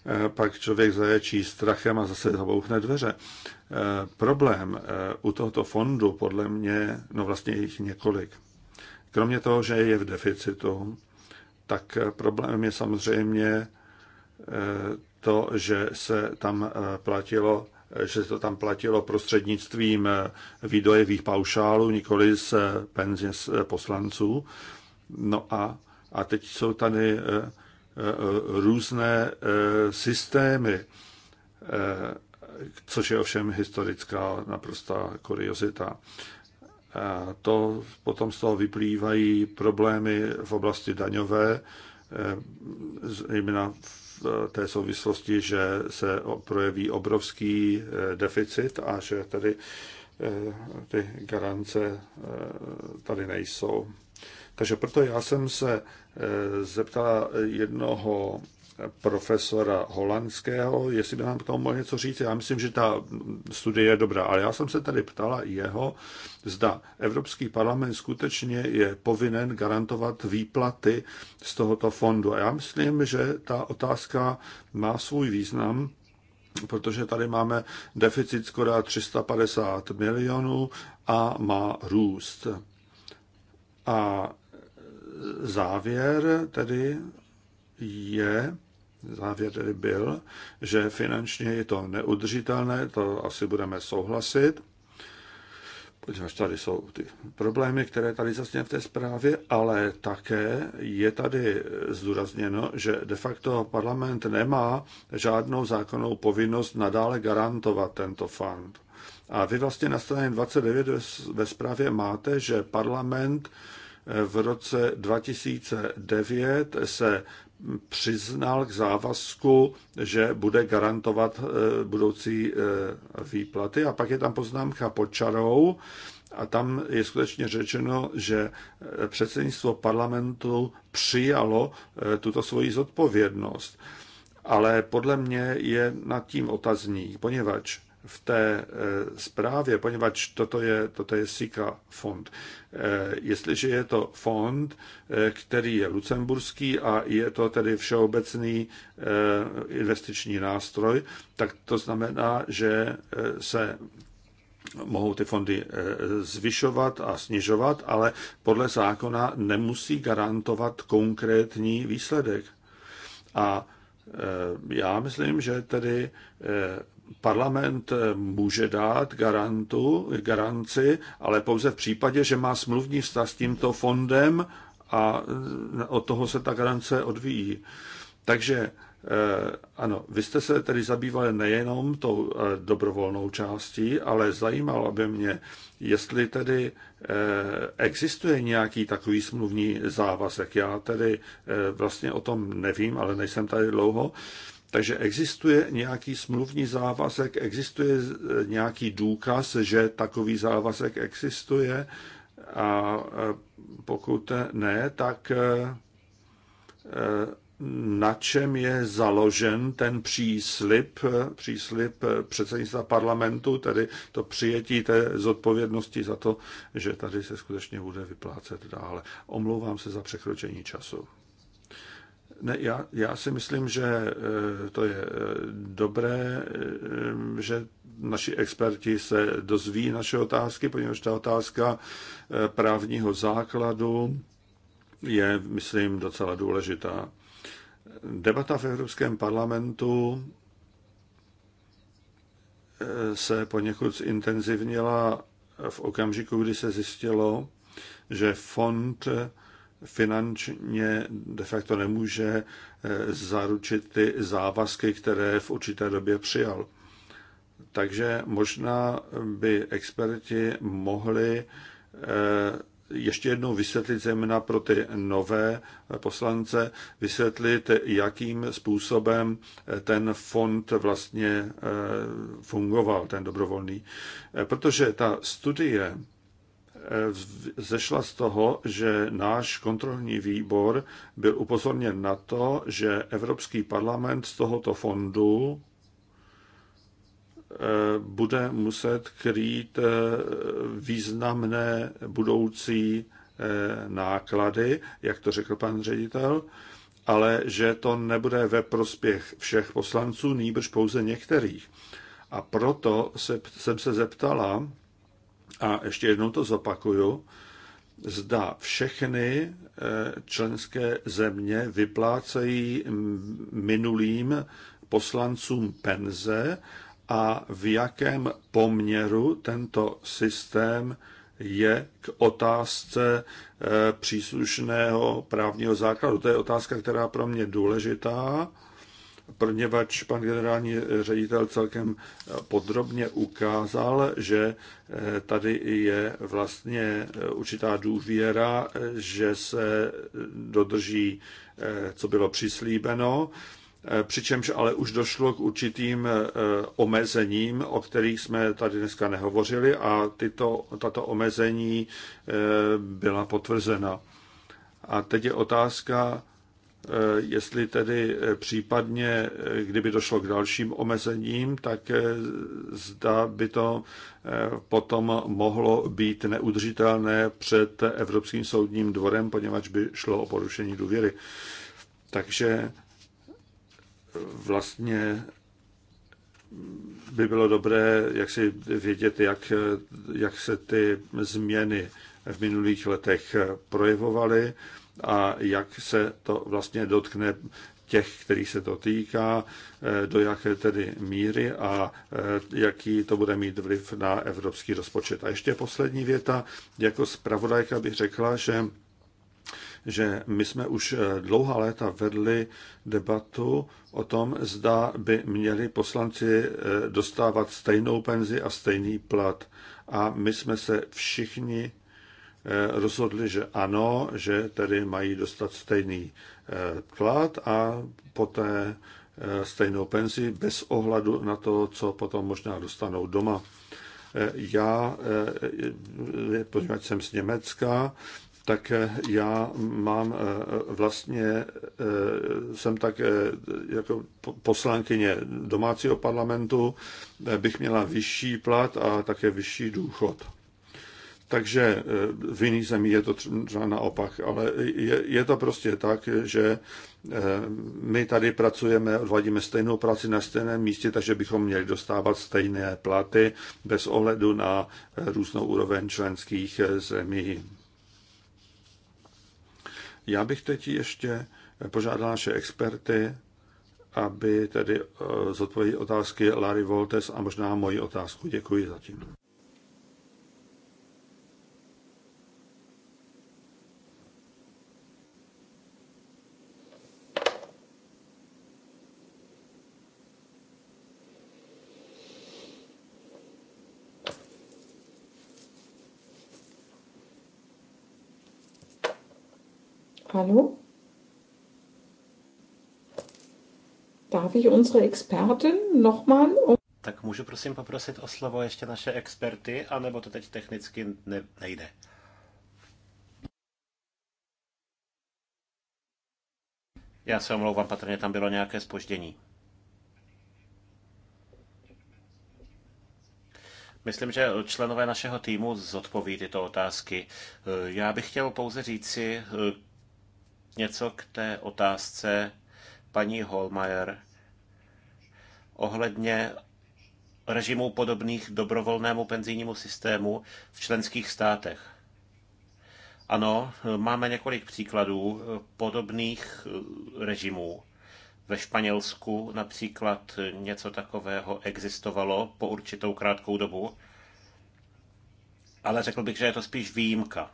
eh, pak člověk zaječí strachem a zase zabouchne dveře. Eh, problém eh, u tohoto fondu podle mě, no vlastně jich několik. Kromě toho, že je v deficitu, tak problém je samozřejmě eh, to, že se tam eh, platilo že se to tam platilo prostřednictvím eh, výdojevých paušálů, nikoli z peněz poslanců. No a, a teď jsou tady různé systémy, což je ovšem historická naprostá kuriozita to potom z toho vyplývají problémy v oblasti daňové, eh, zejména v té souvislosti, že se projeví obrovský eh, deficit a že tady eh, ty garance tady nejsou. Takže proto já jsem se zeptala jednoho profesora holandského, jestli by nám k tomu mohl něco říct. Já myslím, že ta studie je dobrá, ale já jsem se tady ptala jeho, zda Evropský parlament skutečně je povinen garantovat výplaty z tohoto fondu. A já myslím, že ta otázka má svůj význam, protože tady máme deficit skoro 350 milionů a má růst. A závěr tedy je, závěr tedy byl, že finančně je to neudržitelné, to asi budeme souhlasit, protože tady jsou ty problémy, které tady zazněly v té zprávě, ale také je tady zdůrazněno, že de facto parlament nemá žádnou zákonnou povinnost nadále garantovat tento fond. A vy vlastně na straně 29 ve zprávě máte, že parlament v roce 2009 se přiznal k závazku, že bude garantovat eh, budoucí eh, výplaty. A pak je tam poznámka pod čarou a tam je skutečně řečeno, že eh, předsednictvo parlamentu přijalo tuto svoji zodpovědnost. Ale podle mě je nad tím otazník, poněvadž v té eh, zprávě, poněvadž toto je, toto je SICA fond. Eh, jestliže je to fond, eh, který je lucemburský a je to tedy všeobecný investiční nástroj, tak to znamená, že se mohou ty fondy zvyšovat a snižovat, ale podle zákona nemusí garantovat konkrétní výsledek. A já myslím, že tedy parlament může dát garantu, garanci, ale pouze v případě, že má smluvní vztah s tímto fondem a e, od toho se ta garance odvíjí. Takže e, ano, vy jste se tedy zabývali nejenom tou e, dobrovolnou částí, ale zajímalo by mě, jestli tedy existuje nějaký takový smluvní závazek. Já tedy vlastně o tom nevím, ale nejsem tady dlouho. Takže existuje nějaký smluvní závazek, existuje eh, nějaký důkaz, že takový závazek existuje a eh, pokud ne, tak eh, na čem je založen ten příslip, příslip předsednictva parlamentu, tedy to přijetí té zodpovědnosti za to, že tady se skutečně bude vyplácet dále. Omlouvám se za překročení času. Ne, já, já si myslím, že eh, to je eh, dobré, eh, že naši experti se dozví naše otázky, poněvadž ta otázka právního základu je, myslím, docela důležitá. Debata v Evropském parlamentu se poněkud zintenzivnila v okamžiku, kdy se zjistilo, že fond finančně de facto nemůže eh, zaručit ty závazky, které v určité době přijal. Takže možná by experti mohli eh, ještě jednou vysvětlit, zejména pro ty nové poslance, vysvětlit, jakým způsobem eh, ten fond vlastně fungoval, ten dobrovolný. Protože ta studie Eh, zešla z toho, že náš kontrolní výbor byl upozorněn na to, že Evropský parlament z tohoto fondu eh, bude muset krýt eh, významné budoucí náklady, jak to řekl pan ředitel, ale že to nebude ve prospěch všech poslanců, nýbrž pouze některých. A proto se, jsem se zeptala, a ještě jednou to zopakuju. Zda všechny eh, členské země vyplácejí minulým poslancům penze a v jakém poměru tento systém je k otázce eh, příslušného právního základu. To je otázka, která pro mě důležitá poněvadž pan generální ředitel celkem podrobně ukázal, že eh, tady je vlastně eh, určitá důvěra, eh, že se dodrží, co bylo přislíbeno, přičemž ale už došlo k určitým omezením, o kterých jsme tady dneska nehovořili a tyto, tato omezení byla potvrzena. A teď je otázka, Eh, jestli tedy eh, případně, eh, kdyby došlo k dalším omezením, tak zda by to potom mohlo být neudržitelné před Evropským soudním dvorem, poněvadž by šlo o porušení důvěry. Takže vlastně mm, by bylo dobré jak si vědět, jak, jak se ty změny v minulých letech projevovaly a jak se to vlastně dotkne těch, kterých se to týká, eh, do jaké tedy míry a eh, jaký to bude mít vliv na evropský rozpočet. A ještě poslední věta, jako zpravodajka bych řekla, že že my jsme už eh, dlouhá léta vedli debatu o tom, zda by měli poslanci dostávat stejnou penzi a stejný plat. A my jsme se všichni Eh, rozhodli, že ano, že tedy mají dostat stejný eh, plat a poté eh, stejnou penzi bez ohledu na to, co potom možná dostanou doma. Já, poněvadž jsem z Německa, tak já mám vlastně, jsem tak jako poslankyně domácího parlamentu, bych měla vyšší plat a také vyšší důchod. Takže e, v jiných zemích je to třeba naopak, ale je, je to prostě tak, že e, my tady pracujeme, odvádíme stejnou práci na stejném místě, takže bychom měli dostávat stejné platy bez ohledu na e, různou úroveň členských zemí. Já bych teď ještě požádal naše experty, aby tedy zodpověděli otázky Larry Voltes a možná moji otázku. Děkuji zatím. Hallo? Darf ich unsere Expertin nochmal? Um tak můžu prosím poprosit o slovo ještě naše experty, anebo to teď technicky ne, nejde? Já se omlouvám, patrně tam bylo nějaké spoždění. Myslím, že členové našeho týmu zodpoví tyto otázky. Já bych chtěl pouze říci, něco k té otázce paní Holmeier ohledně režimů podobných dobrovolnému penzijnímu systému v členských státech. Ano, máme několik příkladů podobných režimů. Ve Španělsku například něco takového existovalo po určitou krátkou dobu, ale řekl bych, že je to spíš výjimka.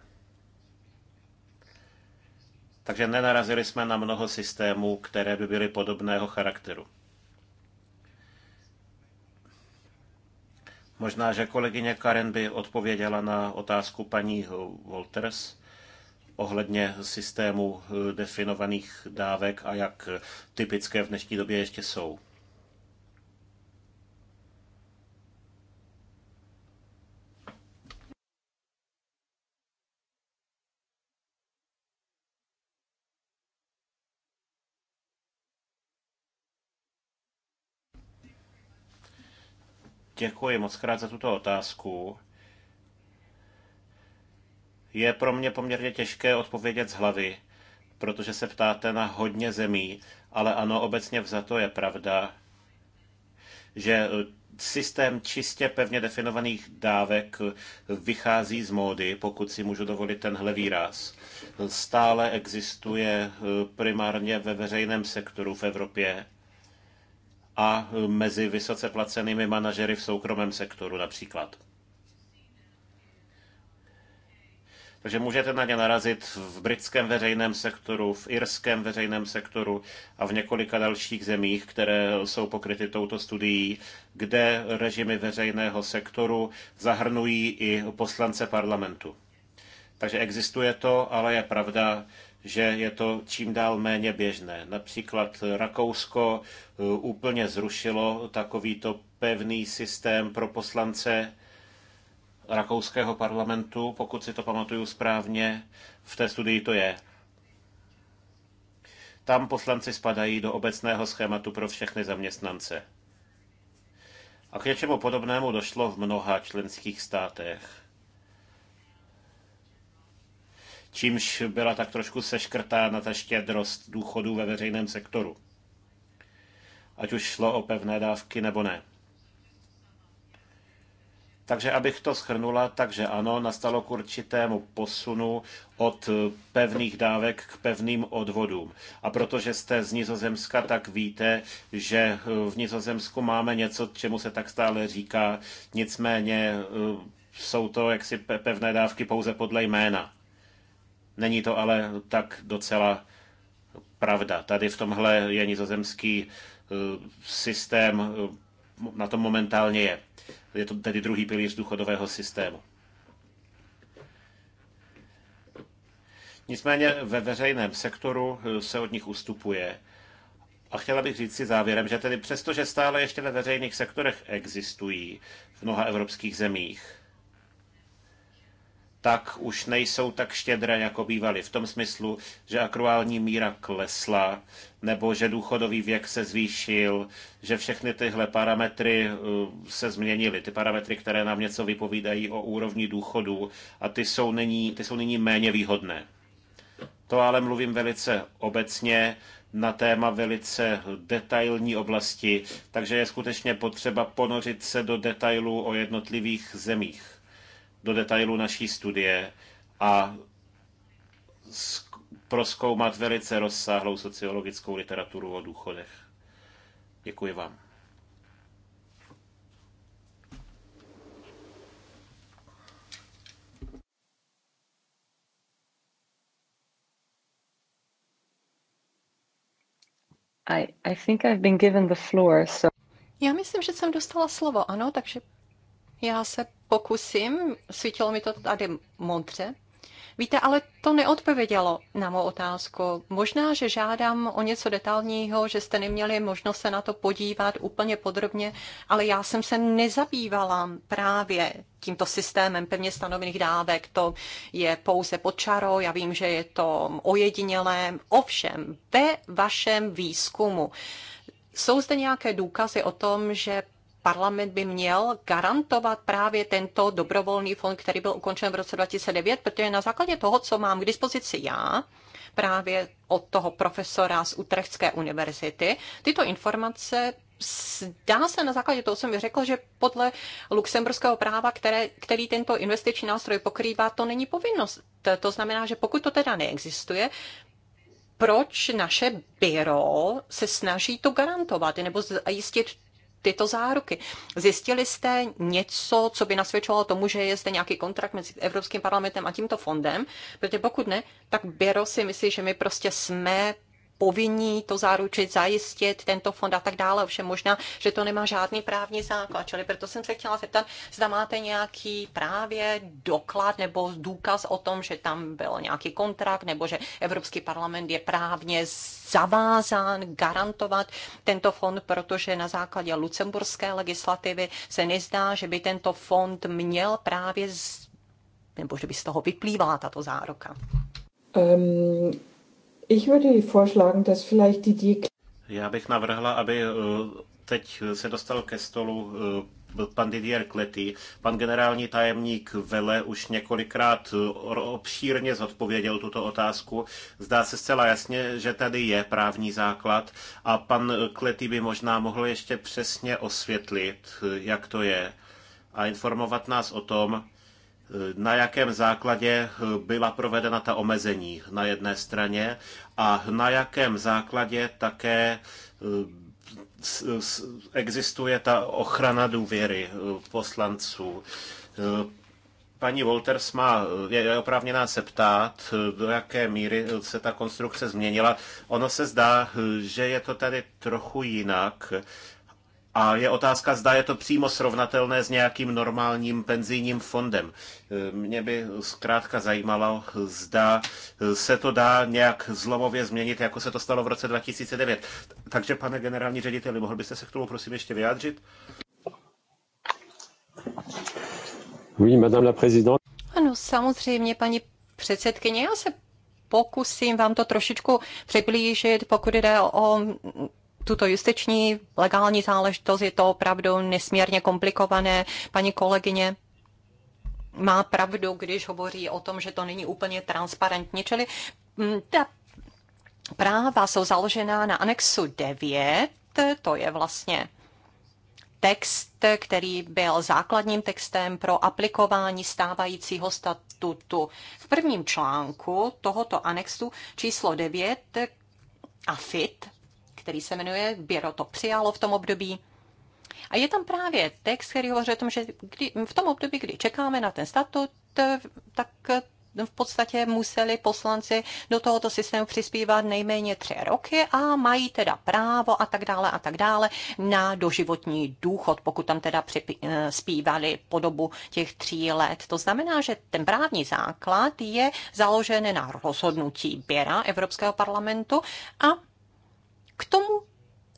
Takže nenarazili jsme na mnoho systémů, které by byly podobného charakteru. Možná, že kolegyně Karen by odpověděla na otázku paní Walters ohledně systému eh, definovaných dávek a jak typické v dnešní době ještě jsou. Děkuji moc krát za tuto otázku. Je pro mě poměrně těžké odpovědět z hlavy, protože se ptáte na hodně zemí, ale ano, obecně vzato je pravda, že e, systém čistě pevně definovaných dávek vychází z módy, pokud si můžu dovolit tenhle výraz. Stále existuje e, primárně ve veřejném sektoru v Evropě a e, mezi vysoce placenými manažery v soukromém sektoru například. Takže můžete na ně narazit v britském veřejném sektoru, v irském veřejném sektoru a v několika dalších zemích, které jsou pokryty touto studií, kde režimy veřejného sektoru zahrnují i poslance parlamentu. Takže existuje to, ale je pravda, že je to čím dál méně běžné. Například Rakousko eh, úplně zrušilo takovýto pevný systém pro poslance rakouského parlamentu, pokud si to pamatuju správně, v té studii to je. Tam poslanci spadají do obecného schématu pro všechny zaměstnance. A k něčemu podobnému došlo v mnoha členských státech. čímž byla tak trošku seškrtána ta štědrost důchodů ve veřejném sektoru. Ať už šlo o pevné dávky nebo ne. Takže abych to schrnula, takže ano, nastalo k určitému posunu od pevných dávek k pevným odvodům. A protože jste z Nizozemska, tak víte, že v Nizozemsku máme něco, čemu se tak stále říká, nicméně eh, jsou to jaksi pevné dávky pouze podle jména. Není to ale tak docela pravda. Tady v tomhle je nizozemský e, systém, e, na tom momentálně je. Je to tedy druhý pilíř důchodového systému. Nicméně ve veřejném sektoru e, se od nich ustupuje. A chtěla bych říct si závěrem, že tedy přesto, že stále ještě ve veřejných sektorech existují v mnoha evropských zemích, tak už nejsou tak štědré, jako bývaly. V tom smyslu, že akruální míra klesla, nebo že důchodový věk se zvýšil, že všechny tyhle parametry uh, se změnily. Ty parametry, které nám něco vypovídají o úrovni důchodu, a ty jsou nyní, ty jsou nyní méně výhodné. To ale mluvím velice obecně na téma velice detailní oblasti, takže je skutečně potřeba ponořit se do detailů o jednotlivých zemích do detailu naší studie a proskoumat velice rozsáhlou sociologickou literaturu o důchodech. Děkuji vám. I, I think I've been given the floor, so... Já myslím, že jsem dostala slovo, ano, takže já se pokusím, svítilo mi to tady modře. Víte, ale to neodpovědělo na mou otázku. Možná, že žádám o něco detailního, že jste neměli možnost se na to podívat úplně podrobně, ale já jsem se nezabývala právě tímto systémem pevně stanovených dávek. To je pouze pod čarou, já vím, že je to ojedinělé. Ovšem, ve vašem výzkumu jsou zde nějaké důkazy o tom, že parlament by měl garantovat právě tento dobrovolný fond, který byl ukončen v roce 2009, protože na základě toho, co mám k dispozici já, právě od toho profesora z Utrechtské univerzity, tyto informace Zdá se na základě toho, jsem řekl, že podle luxemburského práva, které, který tento investiční nástroj pokrývá, to není povinnost. To znamená, že pokud to teda neexistuje, proč naše byro se snaží to garantovat nebo zajistit tyto záruky. Zjistili jste něco, co by nasvědčovalo tomu, že je zde nějaký kontrakt mezi Evropským parlamentem a tímto fondem? Protože pokud ne, tak Běro si myslí, že my prostě jsme povinní to zaručit, zajistit tento fond a tak dále. Ovšem možná, že to nemá žádný právní základ. Čili proto jsem se chtěla zeptat, zda máte nějaký právě doklad nebo důkaz o tom, že tam byl nějaký kontrakt nebo že Evropský parlament je právně zavázán garantovat tento fond, protože na základě lucemburské legislativy se nezdá, že by tento fond měl právě z, nebo že by z toho vyplývala tato záruka. Um, Ich würde vorschlagen, dass vielleicht die Dik Já bych navrhla, aby eh, teď se dostal ke stolu eh, pan Didier Klety. Pan generální tajemník Vele už několikrát eh, obšírně zodpověděl tuto otázku. Zdá se zcela jasně, že tady je právní základ a pan Klety by možná mohl ještě přesně osvětlit, jak to je a informovat nás o tom, na jakém základě byla provedena ta omezení na jedné straně a na jakém základě také eh, existuje ta ochrana důvěry eh, poslanců. Eh, paní Wolters má, je oprávněná se ptát, do jaké míry se ta konstrukce změnila. Ono se zdá, že je to tady trochu jinak, a je otázka, zda je to přímo srovnatelné s nějakým normálním penzijním fondem. E, mě by zkrátka zajímalo, zda e, se to dá nějak zlomově změnit, jako se to stalo v roce 2009. Takže, pane generální řediteli, mohl byste se k tomu prosím ještě vyjádřit? Oui, madame la présidente. Ano, samozřejmě, paní předsedkyně, já se pokusím vám to trošičku přiblížit, pokud jde o tuto justiční legální záležitost je to opravdu nesmírně komplikované. Paní kolegyně má pravdu, když hovoří o tom, že to není úplně transparentní, čili mm, ta práva jsou založená na anexu 9, to je vlastně text, který byl základním textem pro aplikování stávajícího statutu. V prvním článku tohoto anexu číslo 9 fit který se jmenuje, Běro to přijalo v tom období. A je tam právě text, který hovoří o tom, že kdy, v tom období, kdy čekáme na ten statut, eh, tak eh, v podstatě museli poslanci do tohoto systému přispívat nejméně tři roky a mají teda právo a tak dále a tak dále na doživotní důchod, pokud tam teda eh, zpívali po dobu těch tří let. To znamená, že ten právní základ je založen na rozhodnutí Běra Evropského parlamentu a k tomu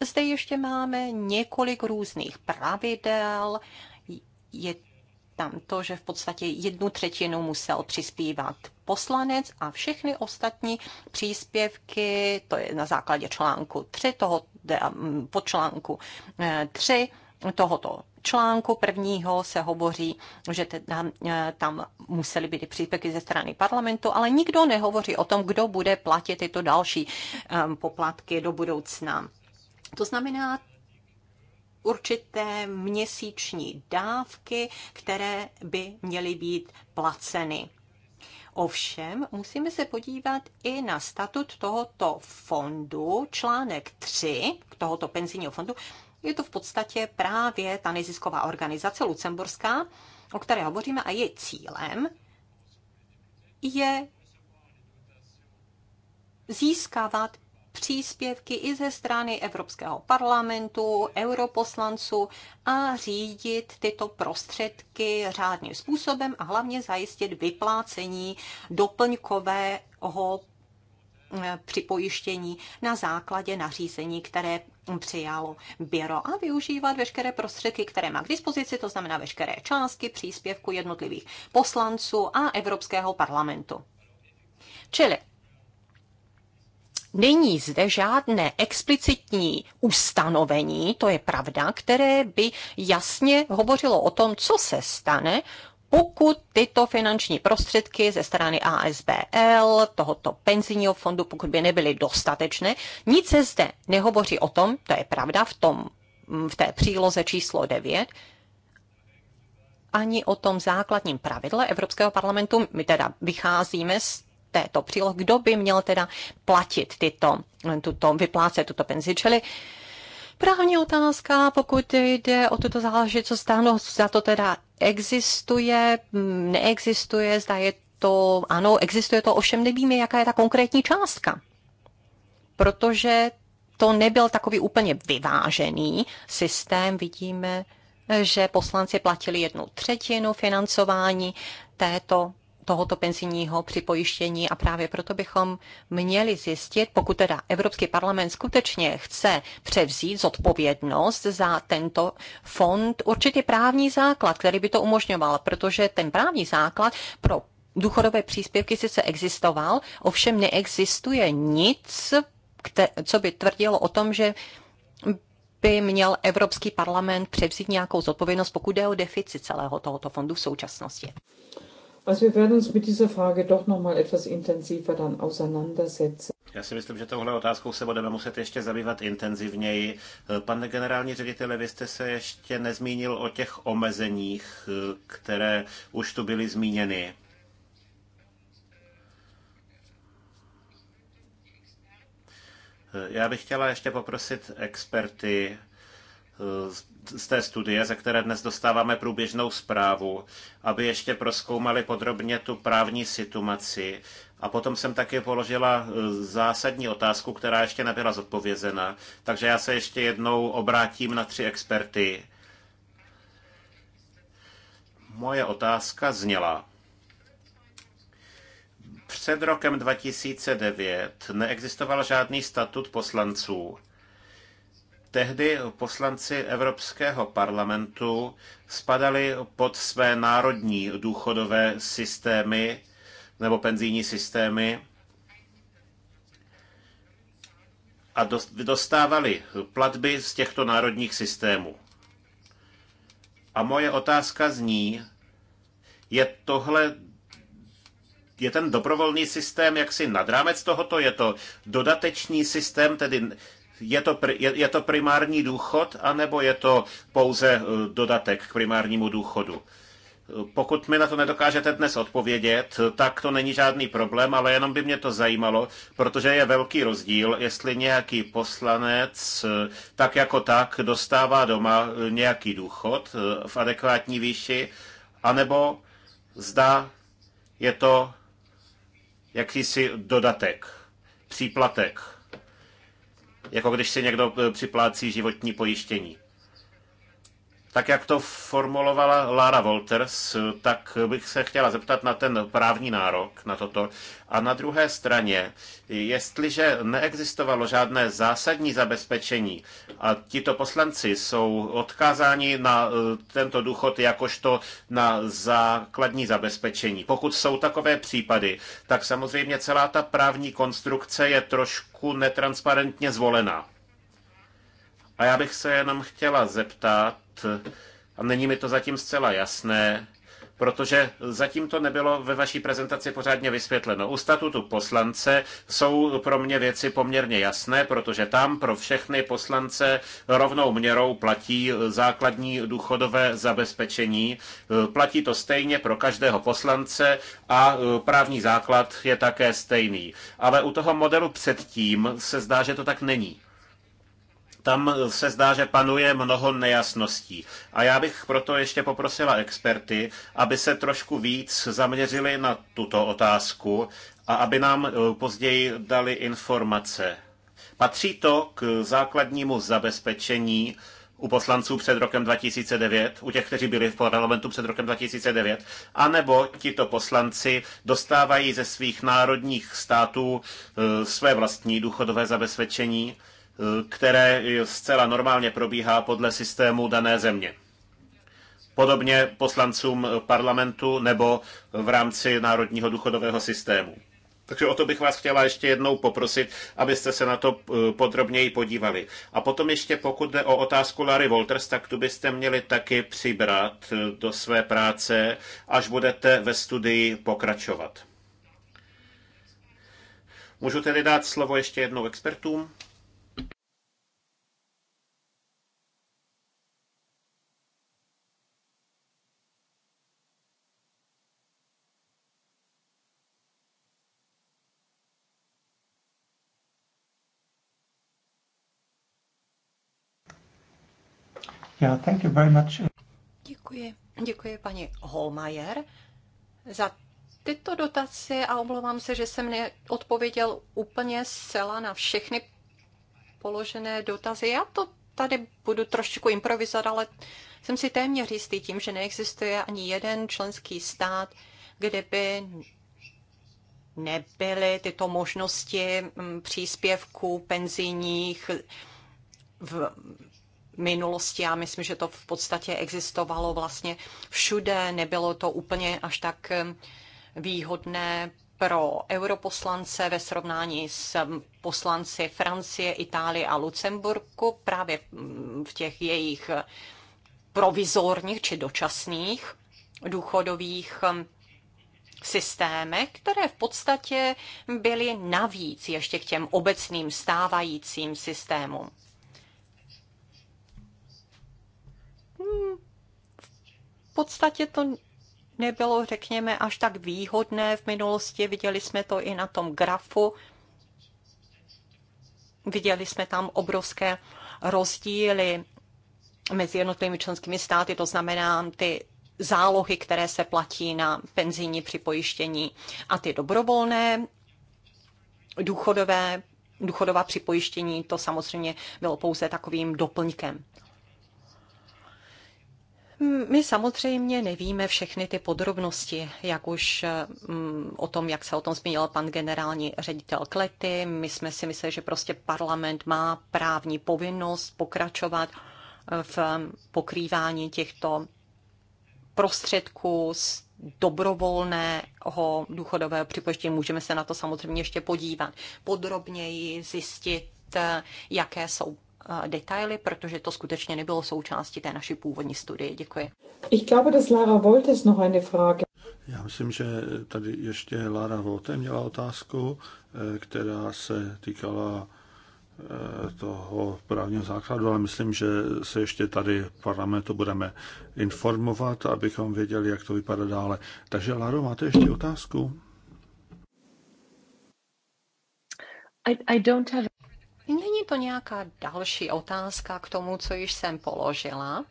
zde ještě máme několik různých pravidel. Je tam to, že v podstatě jednu třetinu musel přispívat poslanec a všechny ostatní příspěvky, to je na základě článku 3 toho, mm, článku 3 eh, tohoto článku prvního se hovoří, že teda, eh, tam musely být příspěvky ze strany parlamentu, ale nikdo nehovoří o tom, kdo bude platit tyto další ehm, poplatky do budoucna. To znamená, určité měsíční dávky, které by měly být placeny. Ovšem, musíme se podívat i na statut tohoto fondu, článek 3 tohoto penzijního fondu, je to v podstatě právě ta nezisková organizace Lucemburská, o které hovoříme, a je cílem je získávat příspěvky i ze strany Evropského parlamentu, europoslanců a řídit tyto prostředky řádným způsobem a hlavně zajistit vyplácení doplňkového eh, připojištění na základě nařízení, které přijalo Běro a využívat veškeré prostředky, které má k dispozici, to znamená veškeré částky, příspěvku jednotlivých poslanců a Evropského parlamentu. Čili Není zde žádné explicitní ustanovení, to je pravda, které by jasně hovořilo o tom, co se stane, pokud tyto finanční prostředky ze strany ASBL, tohoto penzijního fondu, pokud by nebyly dostatečné, nic se zde nehovoří o tom, to je pravda, v, tom, mm, v té příloze číslo 9, ani o tom základním pravidle Evropského parlamentu. My teda vycházíme z této přílohy, kdo by měl teda platit tyto, tuto, vyplácet tuto penzi. Čili uh, Právní otázka, pokud jde o tuto záležitost, ano, za to teda existuje, neexistuje, zda je to, ano, existuje to, ovšem nevíme, jaká je ta konkrétní částka. Protože to nebyl takový úplně vyvážený systém, vidíme, že poslanci platili jednu třetinu financování této tohoto penzijního připojištění a právě proto bychom měli zjistit, pokud teda Evropský parlament skutečně chce převzít zodpovědnost za tento fond, určitě právní základ, který by to umožňoval, protože ten právní základ pro důchodové příspěvky sice existoval, ovšem neexistuje nic, co by tvrdilo o tom, že by měl Evropský parlament převzít nějakou zodpovědnost, pokud jde o deficit celého tohoto fondu v současnosti. Also wir werden uns mit dieser Frage doch noch mal etwas intensiver dann auseinandersetzen. Já si myslím, že touhle otázkou se budeme muset ještě zabývat intenzivněji. Pane generální řediteli, vy jste se ještě nezmínil o těch omezeních, které už tu byly zmíněny. Já bych chtěla ještě poprosit experty, Eh, z té studie, ze které dnes dostáváme průběžnou zprávu, aby ještě proskoumali podrobně tu právní situaci. A potom jsem také položila eh, zásadní otázku, která ještě nebyla zodpovězena. Takže já se ještě jednou obrátím na tři experty. Moje otázka zněla. Před rokem 2009 neexistoval žádný statut poslanců Tehdy poslanci Evropského parlamentu spadali pod své národní důchodové systémy nebo penzijní systémy a dostávali platby z těchto národních systémů. A moje otázka zní, je tohle je ten dobrovolný systém jaksi nad rámec tohoto, je to dodatečný systém, tedy je to, je, je to primární důchod, anebo je to pouze eh, dodatek k primárnímu důchodu? Pokud mi na to nedokážete dnes odpovědět, tak to není žádný problém, ale jenom by mě to zajímalo, protože je velký rozdíl, jestli nějaký poslanec eh, tak jako tak dostává doma eh, nějaký důchod v adekvátní výši, anebo zda je to jakýsi dodatek, příplatek jako když si někdo eh, připlácí životní pojištění tak jak to formulovala Lara Walters, tak bych se chtěla zeptat na ten právní nárok, na toto. A na druhé straně, jestliže neexistovalo žádné zásadní zabezpečení a tito poslanci jsou odkázáni na e, tento důchod jakožto na základní zabezpečení. Pokud jsou takové případy, tak samozřejmě celá ta právní konstrukce je trošku netransparentně zvolená. A já bych se jenom chtěla zeptat, a není mi to zatím zcela jasné, protože zatím to nebylo ve vaší prezentaci pořádně vysvětleno. U statutu poslance jsou pro mě věci poměrně jasné, protože tam pro všechny poslance rovnou měrou platí základní důchodové zabezpečení. Platí to stejně pro každého poslance a právní základ je také stejný. Ale u toho modelu předtím se zdá, že to tak není. Tam se zdá, že panuje mnoho nejasností. A já bych proto ještě poprosila experty, aby se trošku víc zaměřili na tuto otázku a aby nám eh, později dali informace. Patří to k základnímu zabezpečení u poslanců před rokem 2009, u těch, kteří byli v parlamentu před rokem 2009, anebo tito poslanci dostávají ze svých národních států eh, své vlastní důchodové zabezpečení které zcela normálně probíhá podle systému dané země. Podobně poslancům parlamentu nebo v rámci národního důchodového systému. Takže o to bych vás chtěla ještě jednou poprosit, abyste se na to eh, podrobněji podívali. A potom ještě pokud jde o otázku Larry Walters, tak tu byste měli taky přibrat eh, do své práce, až budete ve studii pokračovat. Můžu tedy dát slovo ještě jednou expertům? Yeah, thank you very much. Děkuji. Děkuji paní Holmajer za tyto dotace a omlouvám se, že jsem neodpověděl úplně zcela na všechny položené dotazy. Já to tady budu trošičku improvizovat, ale jsem si téměř jistý tím, že neexistuje ani jeden členský stát, kde by nebyly tyto možnosti mm, příspěvků penzijních v minulosti. Já myslím, že to v podstatě existovalo vlastně všude. Nebylo to úplně až tak eh, výhodné pro europoslance ve srovnání s eh, poslanci Francie, Itálie a Lucemburku právě mm, v těch jejich eh, provizorních či dočasných důchodových systémech, které v podstatě byly navíc ještě k těm obecným stávajícím systémům. Hmm. v podstatě to nebylo, řekněme, až tak výhodné v minulosti. Viděli jsme to i na tom grafu. Viděli jsme tam obrovské rozdíly mezi jednotlivými členskými státy, to znamená ty zálohy, které se platí na penzijní připojištění a ty dobrovolné důchodové, důchodová připojištění, to samozřejmě bylo pouze takovým doplňkem. My samozřejmě nevíme všechny ty podrobnosti, jak už mm, o tom, jak se o tom zmínil pan generální ředitel Klety. My jsme si mysleli, že prostě parlament má právní povinnost pokračovat eh, v pokrývání těchto prostředků z dobrovolného důchodového připoštění. Můžeme se na to samozřejmě ještě podívat podrobněji, zjistit, eh, jaké jsou Eh, detaily, protože to skutečně nebylo součástí té naší původní studie. Děkuji. Ich glaube, dass Lara Woltes noch eine Frage. Já myslím, že tady ještě Lara Volte měla otázku, eh, která se týkala eh, toho právního základu, ale myslím, že se ještě tady v parlamentu budeme informovat, abychom věděli, jak to vypadá dále. Takže, Laro, máte ještě otázku? I, I don't have Není to nějaká další otázka k tomu, co již jsem položila?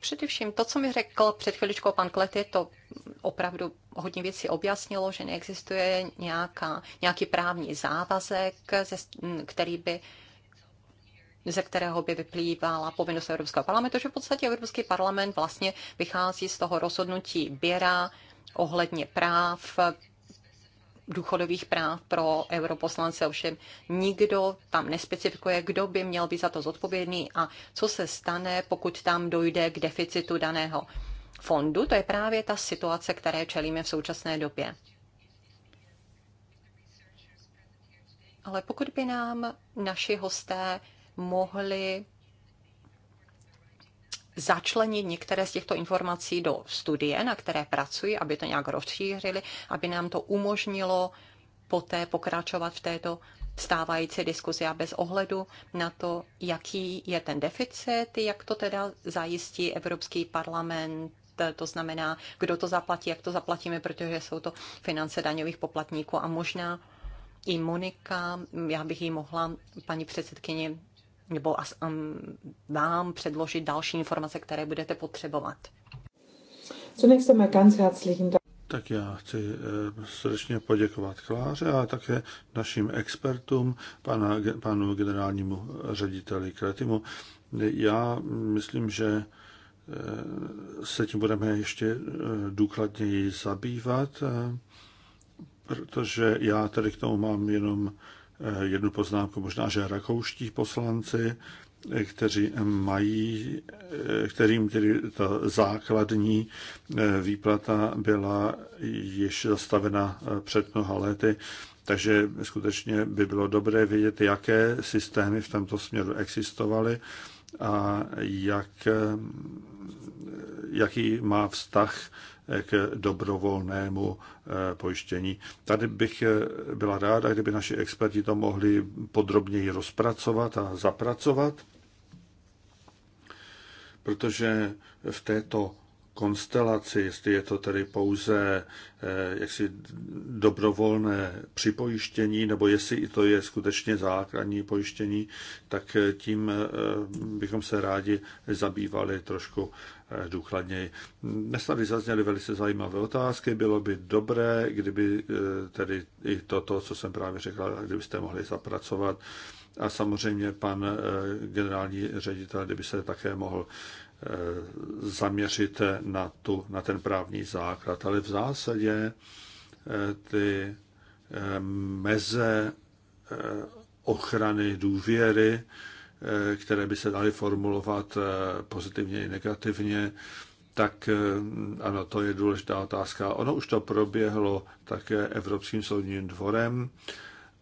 Především to, co mi řekl před chviličkou pan Klety, to opravdu hodně věcí objasnilo, že neexistuje nějaká, nějaký právní závazek, ze, který by ze kterého by vyplývala povinnost Evropského parlamentu, že v podstatě Evropský parlament vlastně vychází z toho rozhodnutí Běra ohledně práv důchodových práv pro europoslance, ovšem nikdo tam nespecifikuje, kdo by měl být za to zodpovědný a co se stane, pokud tam dojde k deficitu daného fondu. To je právě ta situace, které čelíme v současné době. Ale pokud by nám naši hosté mohli začlenit některé z těchto informací do studie, na které pracuji, aby to nějak rozšířili, aby nám to umožnilo poté pokračovat v této stávající diskuzi a bez ohledu na to, jaký je ten deficit, jak to teda zajistí Evropský parlament, to znamená, kdo to zaplatí, jak to zaplatíme, protože jsou to finance daňových poplatníků a možná i Monika, já bych ji mohla, paní předsedkyně, nebo um, vám předložit další informace, které budete potřebovat. Zunächst einmal ganz herzlichen Dank. Tak já chci eh, srdečně poděkovat Kláře a také našim expertům, pana, panu generálnímu řediteli Kretimu. Já myslím, že eh, se tím budeme ještě eh, důkladněji zabývat, protože já tady k tomu mám jenom Eh, jednu poznámku, možná, že rakouští poslanci, eh, kteří mají, eh, kterým tedy ta základní výplata byla již zastavena před mnoha lety, takže skutečně by bylo dobré vědět, jaké systémy v tomto směru existovaly a jak, jaký má vztah k dobrovolnému eh, pojištění. Tady bych eh, byla ráda, kdyby naši experti to mohli podrobněji rozpracovat a zapracovat, protože v této konstelaci, jestli je to tedy pouze eh, jaksi dobrovolné připojištění, nebo jestli i to je skutečně základní pojištění, tak eh, tím eh, bychom se rádi zabývali trošku důkladněji. Dnes tady zazněly velice zajímavé otázky. Bylo by dobré, kdyby tedy i toto, co jsem právě řekl, kdybyste mohli zapracovat. A samozřejmě pan generální ředitel, kdyby se také mohl Eh, zaměřit na, tu, na ten právní základ. Ale v zásadě eh, ty eh, meze ochrany důvěry, které by se daly formulovat pozitivně i negativně, tak ano, to je důležitá otázka. Ono už to proběhlo také Evropským soudním dvorem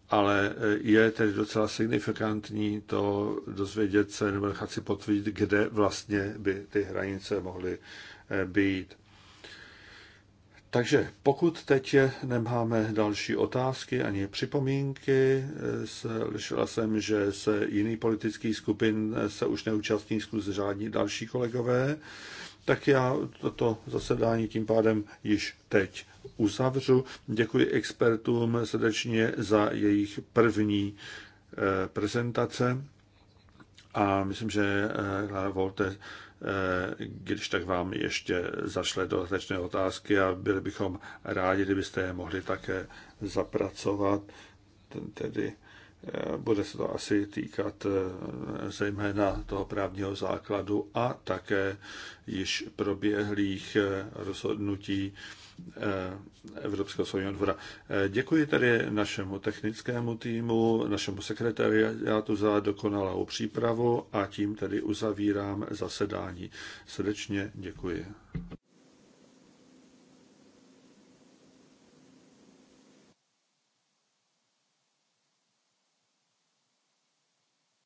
ale eh, je tedy docela signifikantní to dozvědět se nebo nechat si potvrdit, kde vlastně by ty hranice mohly eh, být. Takže pokud teď nemáme další otázky ani připomínky, eh, slyšela jsem, že se jiný politický skupin se už neúčastní zkus žádní další kolegové, tak já toto zasedání tím pádem již teď uzavřu. Děkuji expertům srdečně za jejich první eh, prezentace a myslím, že eh, Volte, eh, když tak vám ještě zašle dodatečné otázky a byli bychom rádi, kdybyste je mohli také zapracovat, tedy bude se to asi týkat eh, zejména toho právního základu a také již proběhlých eh, rozhodnutí eh, Evropského soudního dvora. Děkuji tedy našemu technickému týmu, našemu sekretariátu za dokonalou přípravu a tím tedy uzavírám zasedání. Srdečně děkuji.